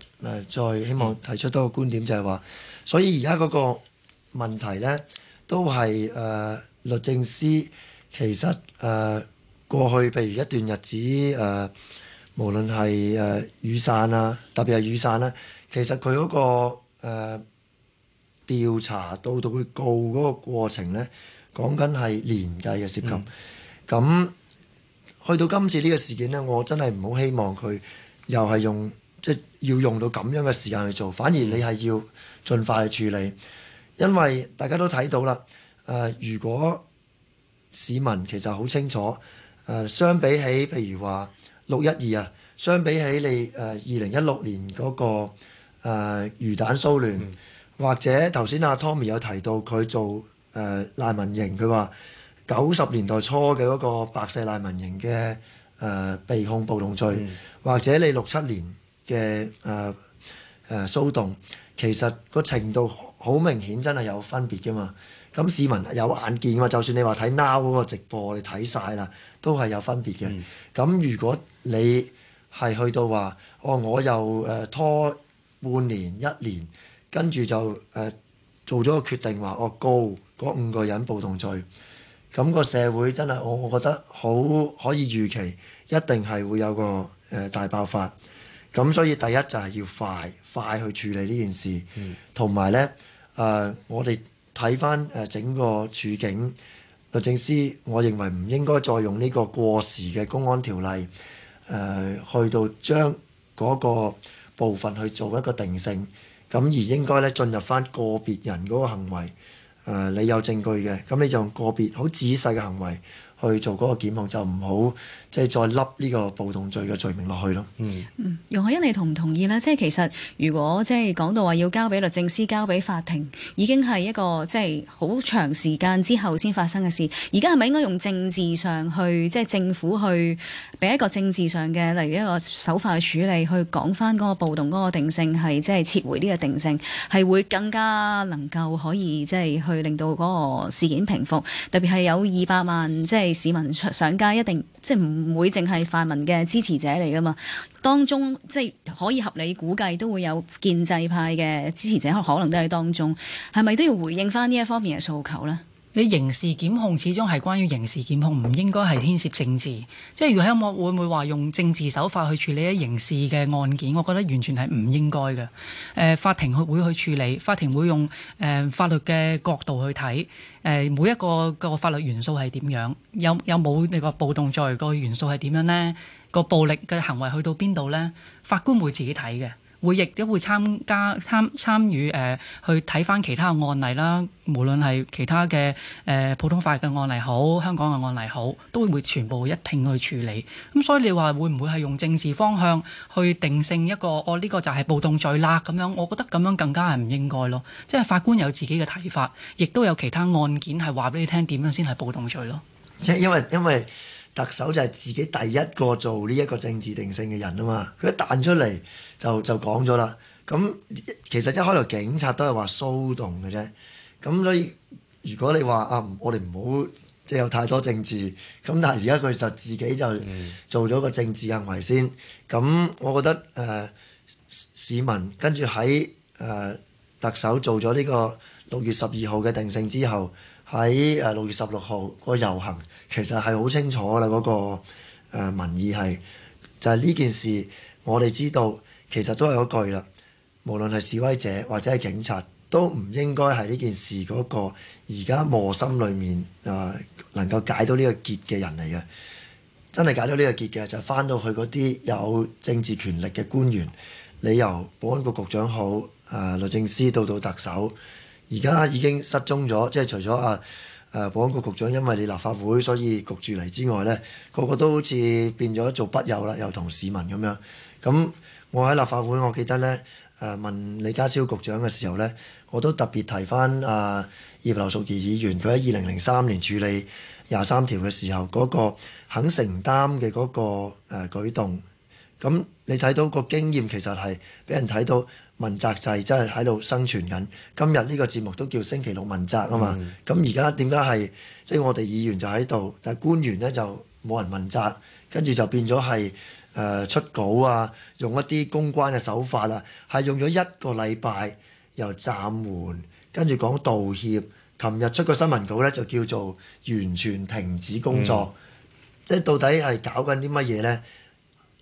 誒再希望提出多個觀點，就係話，所以而家嗰個問題咧，都係誒、呃、律政司其實誒、呃、過去譬如一段日子誒、呃，無論係誒雨傘啊，特別係雨傘咧、啊，其實佢嗰、嗰個誒調、呃、查到到去告嗰個過程呢。講緊係連計嘅涉及，咁、嗯、去到今次呢個事件呢，我真係唔好希望佢又係用即係要用到咁樣嘅時間去做，反而你係要盡快去處理，因為大家都睇到啦。誒、呃，如果市民其實好清楚，誒、呃、相比起譬如話六一二啊，相比起你誒二零一六年嗰、那個誒、呃、魚蛋騷亂，嗯、或者頭先阿、啊、Tommy 有提到佢做。誒、呃、難民營，佢話九十年代初嘅嗰個白石難民營嘅誒被控暴動罪，嗯、或者你六七年嘅誒誒騷動，其實個程度好明顯，真係有分別噶嘛。咁市民有眼見嘛，就算你話睇 Now 嗰個直播，你睇晒啦，都係有分別嘅。咁、嗯、如果你係去到話哦，我又誒拖半年一年，跟住就誒、呃、做咗個決定話我告嗰五個人暴動罪，咁、那個社會真係我，我覺得好可以預期，一定係會有個誒、呃、大爆發。咁所以第一就係要快快去處理呢件事，同埋、嗯、呢，誒、呃，我哋睇翻誒整個處境律政司，我認為唔應該再用呢個過時嘅公安條例誒、呃，去到將嗰個部分去做一個定性，咁、呃、而應該呢進入翻個別人嗰個行為。誒，你有證據嘅，咁你就用個別好仔細嘅行為，去做嗰個檢控就唔好即係再笠呢個暴動罪嘅罪名落去咯。嗯，容海恩你同唔同意咧？即係其實如果即係講到話要交俾律政司，交俾法庭，已經係一個即係好長時間之後先發生嘅事。而家係咪應該用政治上去，即係政府去俾一個政治上嘅，例如一個手法去處理，去講翻嗰個暴動嗰個定性，係即係撤回呢個定性，係會更加能夠可以即係去令到嗰個事件平復，特別係有二百萬即係。市民上街一定即係唔會淨係泛民嘅支持者嚟噶嘛，當中即係可以合理估計都會有建制派嘅支持者，可能都喺當中，係咪都要回應翻呢一方面嘅訴求咧？你刑事檢控始終係關於刑事檢控，唔應該係牽涉政治。即係如果香港會唔會話用政治手法去處理一刑事嘅案件？我覺得完全係唔應該嘅。誒、呃、法庭去會去處理，法庭會用誒、呃、法律嘅角度去睇誒、呃、每一個個法律元素係點樣，有有冇你個暴動罪個元素係點樣呢？個暴力嘅行為去到邊度呢？法官會自己睇嘅。會亦都會參加參參與誒去睇返其他嘅案例啦，無論係其他嘅誒、呃、普通法嘅案例好，香港嘅案例好，都會全部一併去處理。咁所以你話會唔會係用政治方向去定性一個，我、哦、呢、這個就係暴動罪啦。咁樣我覺得咁樣更加係唔應該咯。即係法官有自己嘅睇法，亦都有其他案件係話俾你聽點樣先係暴動罪咯。即係因為因為特首就係自己第一個做呢一個政治定性嘅人啊嘛，佢一彈出嚟。就就講咗啦，咁其實一開頭警察都係話騷動嘅啫，咁所以如果你話啊，我哋唔好即係有太多政治，咁但係而家佢就自己就做咗個政治行為先，咁我覺得誒、呃、市民跟住喺誒特首做咗呢個六月十二號嘅定性之後，喺誒六月十六號個遊行，其實係好清楚啦，嗰、那個誒、呃、民意係就係、是、呢件事，我哋知道。其實都係嗰句啦，無論係示威者或者係警察，都唔應該係呢件事嗰個而家磨心裏面啊、呃，能夠解到呢個結嘅人嚟嘅。真係解到呢個結嘅，就翻、是、到去嗰啲有政治權力嘅官員，你由保安局局長好，啊、呃、律政司到到特首，而家已經失蹤咗。即係除咗啊，啊、呃、保安局局長因為你立法會，所以焗住嚟之外呢個個都好似變咗做筆友啦，又同市民咁樣咁。嗯。我喺立法會，我記得呢誒問李家超局長嘅時候呢，我都特別提翻啊葉劉淑儀議員，佢喺二零零三年處理廿三條嘅時候嗰個肯承擔嘅嗰個誒舉動，咁你睇到個經驗其實係俾人睇到問責制真係喺度生存緊。今日呢個節目都叫星期六問責啊嘛，咁而家點解係即係我哋議員就喺度，但係官員呢就冇人問責，跟住就變咗係。誒、呃、出稿啊，用一啲公關嘅手法啊，係用咗一個禮拜又暫緩，跟住講道歉。琴日出個新聞稿呢，就叫做完全停止工作。嗯、即係到底係搞緊啲乜嘢呢？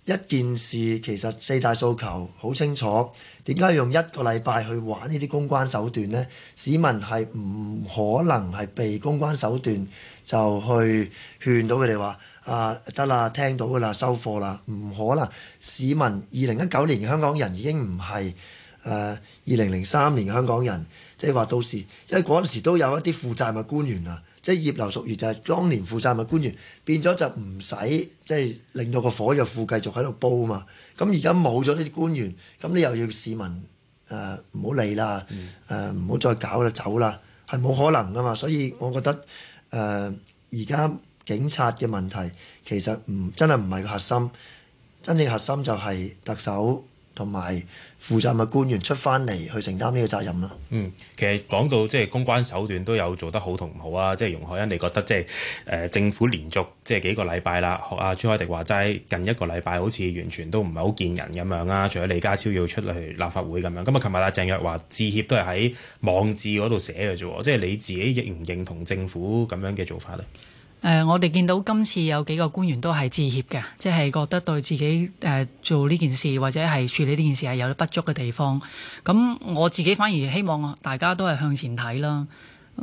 一件事其實四大訴求好清楚，點解用一個禮拜去玩呢啲公關手段呢？市民係唔可能係被公關手段就去勸到佢哋話。啊得啦，聽到噶啦，收貨啦，唔可能市民二零一九年香港人已經唔係誒二零零三年香港人，即係話到時，因為嗰陣時都有一啲負債嘅官員啊，即係葉劉淑儀就係當年負債嘅官員，變咗就唔使即係令到個火藥庫繼續喺度煲啊嘛，咁而家冇咗呢啲官員，咁你又要市民誒唔好理啦，誒唔好再搞啦走啦，係冇可能噶嘛，所以我覺得誒而家。呃警察嘅問題其實唔真係唔係個核心，真正核心就係特首同埋負責嘅官員出翻嚟去承擔呢個責任啦。嗯，其實講到即係公關手段都有做得好同唔好啊。即係容海恩，你覺得即係誒政府連續即係幾個禮拜啦，學阿朱凱廸話齋，近一個禮拜好似完全都唔係好見人咁樣啊。除咗李家超要出嚟立法會咁樣，咁啊，琴日阿鄭若驊致歉都係喺網誌嗰度寫嘅啫，即係你自己認唔認同政府咁樣嘅做法咧？誒、呃，我哋見到今次有幾個官員都係致歉嘅，即係覺得對自己誒、呃、做呢件事或者係處理呢件事係有啲不足嘅地方。咁、嗯、我自己反而希望大家都係向前睇啦。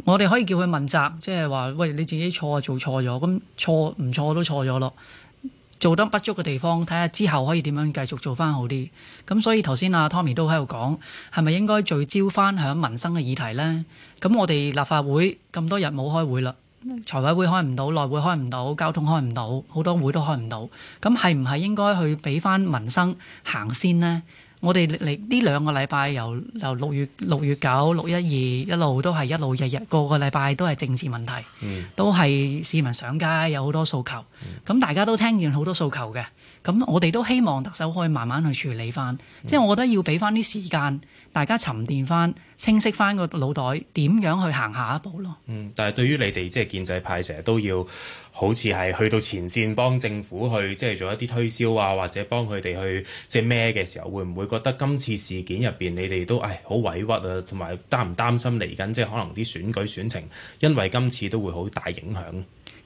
我哋可以叫佢問責，即係話：喂，你自己錯就做錯咗，咁錯唔錯都錯咗咯。做得不足嘅地方，睇下之後可以點樣繼續做翻好啲。咁、嗯、所以頭先阿 Tommy 都喺度講，係咪應該聚焦翻響民生嘅議題呢？咁我哋立法會咁多日冇開會啦。財委會開唔到，內會開唔到，交通開唔到，好多會都開唔到。咁係唔係應該去俾翻民生行先呢？我哋呢兩個禮拜由由六月六月九六一二一路都係一路日日個個禮拜都係政治問題，都係市民上街有好多訴求。咁大家都聽見好多訴求嘅。咁我哋都希望特首可以慢慢去處理翻，嗯、即係我覺得要俾翻啲時間大家沉澱翻、清晰翻個腦袋，點樣去行下一步咯？嗯，但係對於你哋即係建制派成日都要好似係去到前線幫政府去即係做一啲推銷啊，或者幫佢哋去即係咩嘅時候，會唔會覺得今次事件入邊你哋都唉好委屈啊？同埋擔唔擔心嚟緊即係可能啲選舉選情因為今次都會好大影響？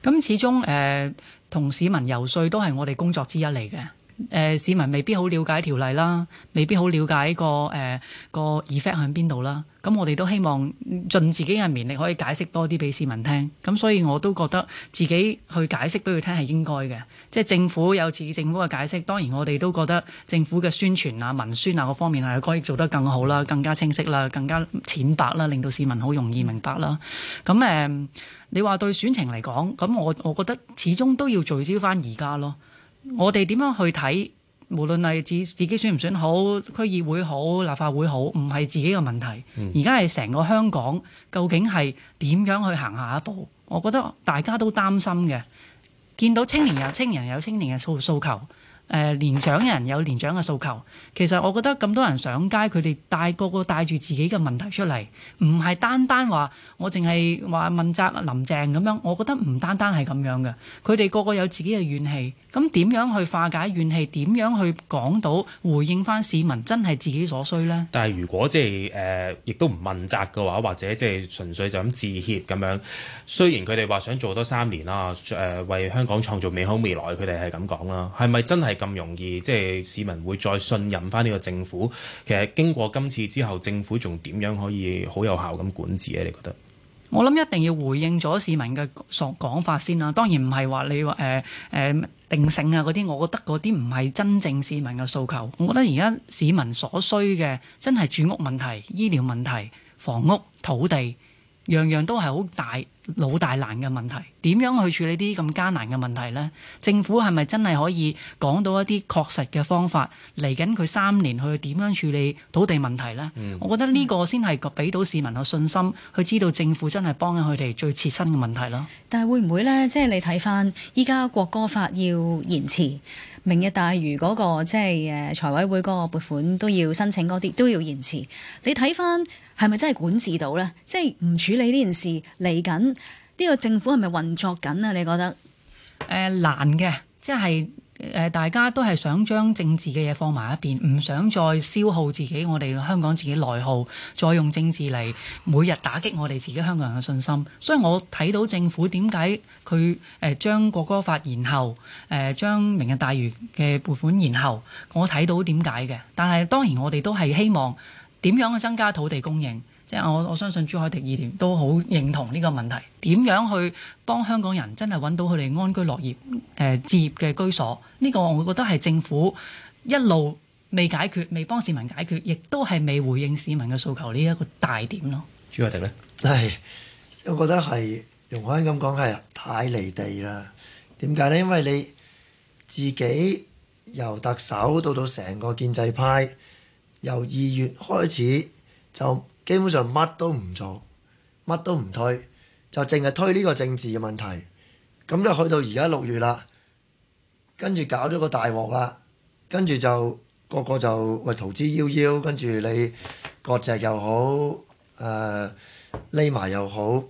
咁、嗯、始終誒。呃同市民游説都係我哋工作之一嚟嘅。誒、呃、市民未必好了解條例啦，未必好了解個誒、呃、個 effect 響邊度啦。咁、嗯、我哋都希望盡自己嘅勉力，可以解釋多啲俾市民聽。咁、嗯、所以我都覺得自己去解釋俾佢聽係應該嘅。即、就、係、是、政府有自己政府嘅解釋，當然我哋都覺得政府嘅宣傳啊、文宣啊嗰方面係可以做得更好啦、更加清晰啦、啊、更加淺白啦、啊，令到市民好容易明白啦。咁、嗯、誒、嗯，你話對選情嚟講，咁我我覺得始終都要聚焦翻而家咯。我哋點樣去睇？無論係自自己選唔選好區議會好立法會好，唔係自己嘅問題。而家係成個香港究竟係點樣去行下一步？我覺得大家都擔心嘅，見到青年人，青年人有青年嘅訴訴求。誒年、呃、長人有年長嘅訴求，其實我覺得咁多人上街，佢哋帶個個帶住自己嘅問題出嚟，唔係單單話我淨係話問責林鄭咁樣，我覺得唔單單係咁樣嘅，佢哋個個有自己嘅怨氣，咁點樣去化解怨氣？點樣去講到回應翻市民真係自己所需呢？但係如果即係誒，亦、呃、都唔問責嘅話，或者即係純粹就咁致歉咁樣，雖然佢哋話想做多三年啦，誒為香港創造美好未來，佢哋係咁講啦，係咪真係？咁容易，即係市民會再信任翻呢個政府？其實經過今次之後，政府仲點樣可以好有效咁管治咧？你覺得？我諗一定要回應咗市民嘅所講法先啦。當然唔係話你話誒誒定性啊嗰啲，我覺得嗰啲唔係真正市民嘅訴求。我覺得而家市民所需嘅真係住屋問題、醫療問題、房屋、土地，樣樣都係好大。老大難嘅問題，點樣去處理啲咁艱難嘅問題咧？政府係咪真係可以講到一啲確實嘅方法嚟，緊佢三年去點樣處理土地問題咧？嗯、我覺得呢個先係俾到市民嘅信心，去知道政府真係幫緊佢哋最切身嘅問題咯。但係會唔會咧？即係你睇翻依家國歌法要延遲。明日大嶼嗰、那個即係誒財委會嗰個撥款都要申請，嗰啲都要延遲，你睇翻係咪真係管治到咧？即係唔處理呢件事，嚟緊呢個政府係咪運作緊啊？你覺得？誒、呃，難嘅，即係。誒，大家都係想將政治嘅嘢放埋一邊，唔想再消耗自己，我哋香港自己內耗，再用政治嚟每日打擊我哋自己香港人嘅信心。所以我睇到政府點解佢誒將國歌法延後，然後誒將明日大嶼嘅撥款延後，然後我睇到點解嘅。但係當然我哋都係希望點樣去增加土地供應。即係我我相信朱凱廸議員都好認同呢個問題，點樣去幫香港人真係揾到佢哋安居樂業誒、呃、置業嘅居所？呢、這個我覺得係政府一路未解決，未幫市民解決，亦都係未回應市民嘅訴求呢一個大點咯。朱凱廸咧，真係、 (noise) 哎、我覺得係容海恩咁講係太離地啦。點解咧？因為你自己由特首到到成個建制派，由二月開始就，基本上乜都唔做，乜都唔推，就淨係推呢個政治嘅問題。咁咧去到而家六月啦，跟住搞咗個大鑊啦，跟住就個個就喂，逃之夭夭。跟住你割席又好，誒匿埋又好。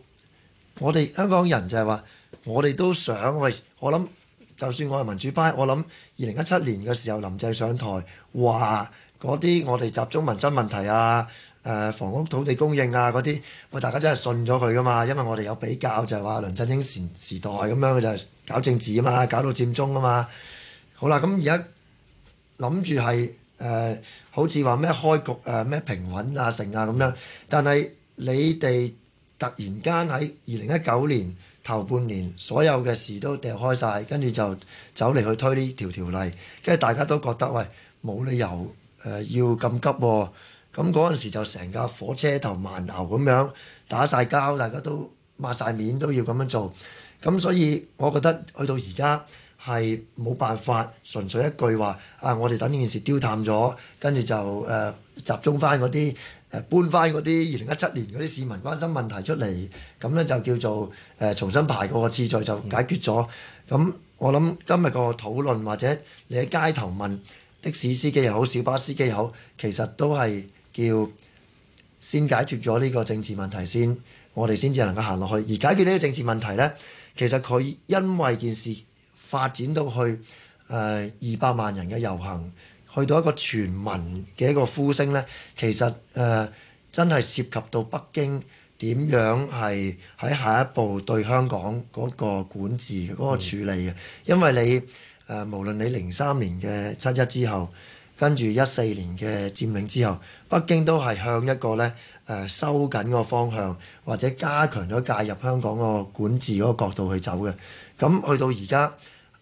我哋香港人就係話，我哋都想喂。我諗就算我係民主派，我諗二零一七年嘅時候林鄭上台，嘩嗰啲我哋集中民生問題啊。誒、呃、房屋土地供應啊嗰啲，喂、呃、大家真係信咗佢噶嘛？因為我哋有比較，就係、是、話梁振英時時代咁樣，佢就搞政治啊嘛，搞到佔中啊嘛。好啦，咁而家諗住係誒，好似話咩開局誒咩、啊、平穩啊成啊咁樣。但係你哋突然間喺二零一九年頭半年，所有嘅事都掉開晒，跟住就走嚟去推呢條條例，跟住大家都覺得喂，冇理由誒、呃、要咁急喎、啊。咁嗰陣時就成架火車頭慢牛咁樣打晒交，大家都抹晒面都要咁樣做。咁所以我覺得去到而家係冇辦法，純粹一句話啊，我哋等呢件事丟淡咗，跟住就誒、呃、集中翻嗰啲誒搬翻嗰啲二零一七年嗰啲市民關心問題出嚟，咁咧就叫做誒、呃、重新排過個次序就解決咗。咁我諗今日個討論或者你喺街頭問的士司機又好，小巴司機又好，其實都係。要先解決咗呢個政治問題先，我哋先至能夠行落去。而解決呢個政治問題呢，其實佢因為件事發展到去誒二百萬人嘅遊行，去到一個全民嘅一個呼聲呢，其實誒、呃、真係涉及到北京點樣係喺下一步對香港嗰個管治嗰、嗰個處理嘅，嗯、因為你誒、呃、無論你零三年嘅七一之後。跟住一四年嘅佔領之後，北京都係向一個呢誒、呃、收緊個方向，或者加強咗介入香港個管治嗰個角度去走嘅。咁、嗯、去到而家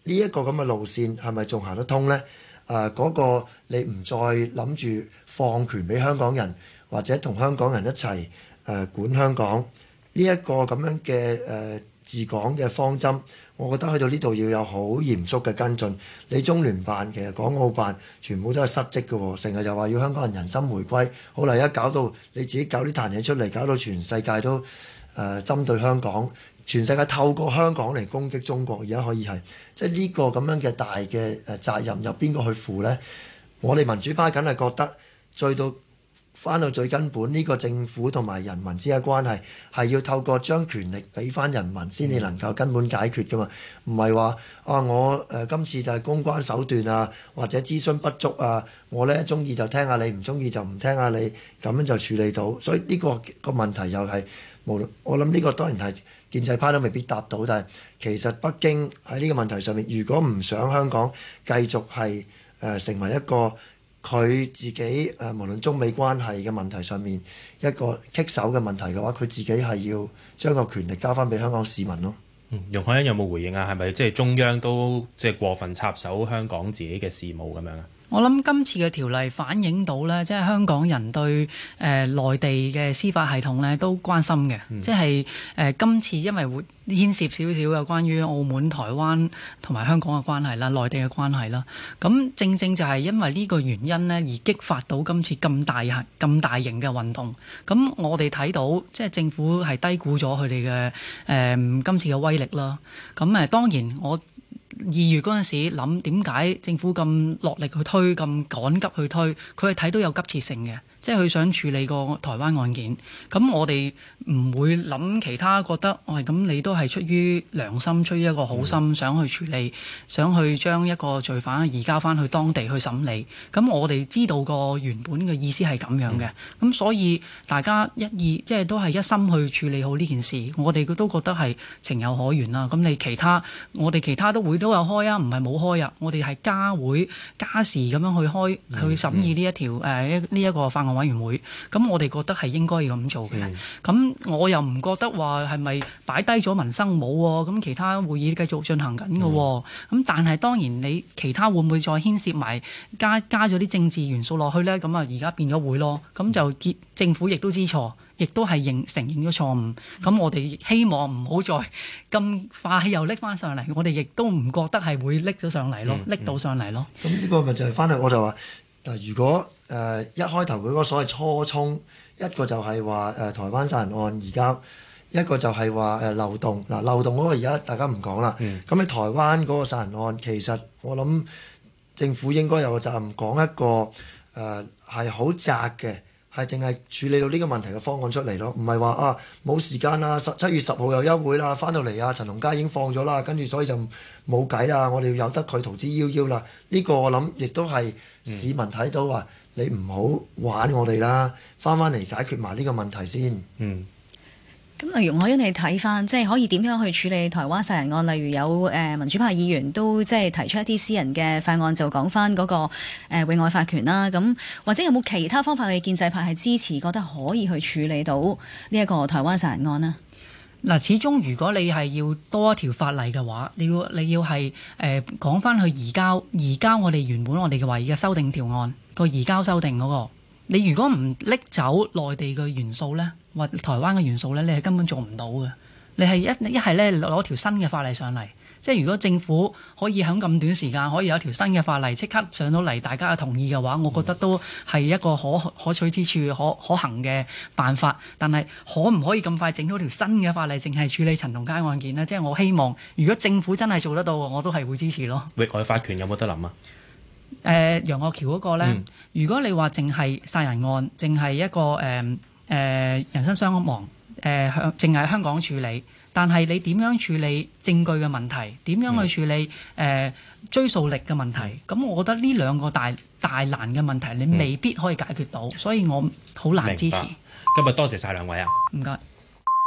呢一個咁嘅路線係咪仲行得通呢？誒、呃、嗰、嗰個你唔再諗住放權俾香港人，或者同香港人一齊誒、呃、管香港呢一、呢個咁樣嘅誒、呃、治港嘅方針？我覺得去到呢度要有好嚴肅嘅跟進，你中聯辦其實港澳辦全部都係失職嘅喎、哦，成日又話要香港人人心回歸，好喇！而家搞到你自己搞啲痰嘢出嚟，搞到全世界都誒、呃、針對香港，全世界透過香港嚟攻擊中國，而家可以係即係呢個咁樣嘅大嘅誒責任，由邊個去負呢？我哋民主派梗係覺得最到。翻到最根本，呢個政府同埋人民之間關係係要透過將權力俾翻人民先至能夠根本解決噶嘛？唔係話啊，我誒今次就係公關手段啊，或者諮詢不足啊，我呢中意就聽下你，唔中意就唔聽下你，咁樣就處理到。所以呢個個問題又係無論我諗呢個當然係建制派都未必答到，但係其實北京喺呢個問題上面，如果唔想香港繼續係誒成為一個佢自己誒，無論中美關係嘅問題上面一個棘手嘅問題嘅話，佢自己係要將個權力交翻俾香港市民咯。嗯，容海恩有冇回應啊？係咪即係中央都即係、就是、過分插手香港自己嘅事務咁樣啊？我諗今次嘅條例反映到呢，即係香港人對誒、呃、內地嘅司法系統呢都關心嘅，嗯、即係誒、呃、今次因為會牽涉少少嘅關於澳門、台灣同埋香港嘅關係啦，內地嘅關係啦，咁正正就係因為呢個原因呢，而激發到今次咁大咁大型嘅運動。咁我哋睇到即係政府係低估咗佢哋嘅誒今次嘅威力啦。咁誒當然我。二月嗰陣時，諗點解政府咁落力去推，咁趕急去推，佢係睇到有急切性嘅。即係佢想處理個台灣案件，咁我哋唔會諗其他，覺得，喂、哎，咁你都係出於良心，出於一個好心，想去處理，想去將一個罪犯移交翻去當地去審理。咁我哋知道個原本嘅意思係咁樣嘅，咁、嗯、所以大家一意，即、就、係、是、都係一心去處理好呢件事。我哋都覺得係情有可原啦。咁你其他，我哋其他都會都有開啊，唔係冇開啊。我哋係加會加時咁樣去開去審議呢一條誒呢一個法案。委員會，咁、嗯嗯、我哋覺得係應該要咁做嘅。咁我又唔覺得話係咪擺低咗民生冇喎、啊？咁其他會議繼續進行緊嘅、啊。咁但係當然你其他會唔會再牽涉埋加加咗啲政治元素落去呢？咁啊而家變咗會咯。咁就結政府亦都知錯，亦都係認承認咗錯誤。咁、嗯嗯、我哋希望唔好再咁快又拎翻上嚟。我哋亦都唔覺得係會拎咗上嚟咯，拎、嗯嗯、到上嚟咯。咁呢、嗯嗯、個咪就係翻嚟我就話，嗱如果。誒、呃、一開頭佢嗰個所謂初衷，一個就係話誒台灣殺人案而家，一個就係話誒漏洞。嗱漏洞嗰個而家大家唔講啦。咁喺、嗯、台灣嗰個殺人案，其實我諗政府應該有個責任講一個誒係好窄嘅，係淨係處理到呢個問題嘅方案出嚟咯。唔係話啊冇時間啦，七月十號又休會啦，翻到嚟啊陳同佳已經放咗啦，跟住所以就冇計啦，我哋有得佢逃之夭夭啦。呢、這個我諗亦都係市民睇到話、嗯。你唔好玩我哋啦，翻翻嚟解決埋呢個問題先。嗯，咁容海恩你睇翻，即係可以點樣去處理台灣殺人案？例如有誒民主派議員都即係提出一啲私人嘅法案，就講翻嗰個域外法權啦。咁或者有冇其他方法嘅建制派係支持，覺得可以去處理到呢一個台灣殺人案呢？嗱，始終如果你係要多一條法例嘅話，你要你要係誒、呃、講翻去移交移交我哋原本我哋嘅懷疑嘅修訂條案，個移交修訂嗰個，你如果唔拎走內地嘅元素呢，或台灣嘅元素呢，你係根本做唔到嘅。你係一一係呢，攞條新嘅法例上嚟，即係如果政府可以喺咁短時間可以有條新嘅法例即刻上到嚟，大家同意嘅話，我覺得都係一個可可取之處、可可行嘅辦法。但係可唔可以咁快整到條新嘅法例，淨係處理陳同佳案件呢？即係我希望，如果政府真係做得到，我都係會支持咯。域外法權有冇得諗啊？誒、呃、楊岳橋嗰個呢，嗯、如果你話淨係殺人案，淨係、嗯、一個誒誒、呃、人身傷亡誒，向淨係香港處理，但係你點樣處理證據嘅問題？點、嗯、樣去處理誒、呃、追溯力嘅問題？咁、嗯、我覺得呢兩個大大難嘅問題，你未必可以解決到，嗯、所以我好難支持。今日多謝晒兩位啊！唔該。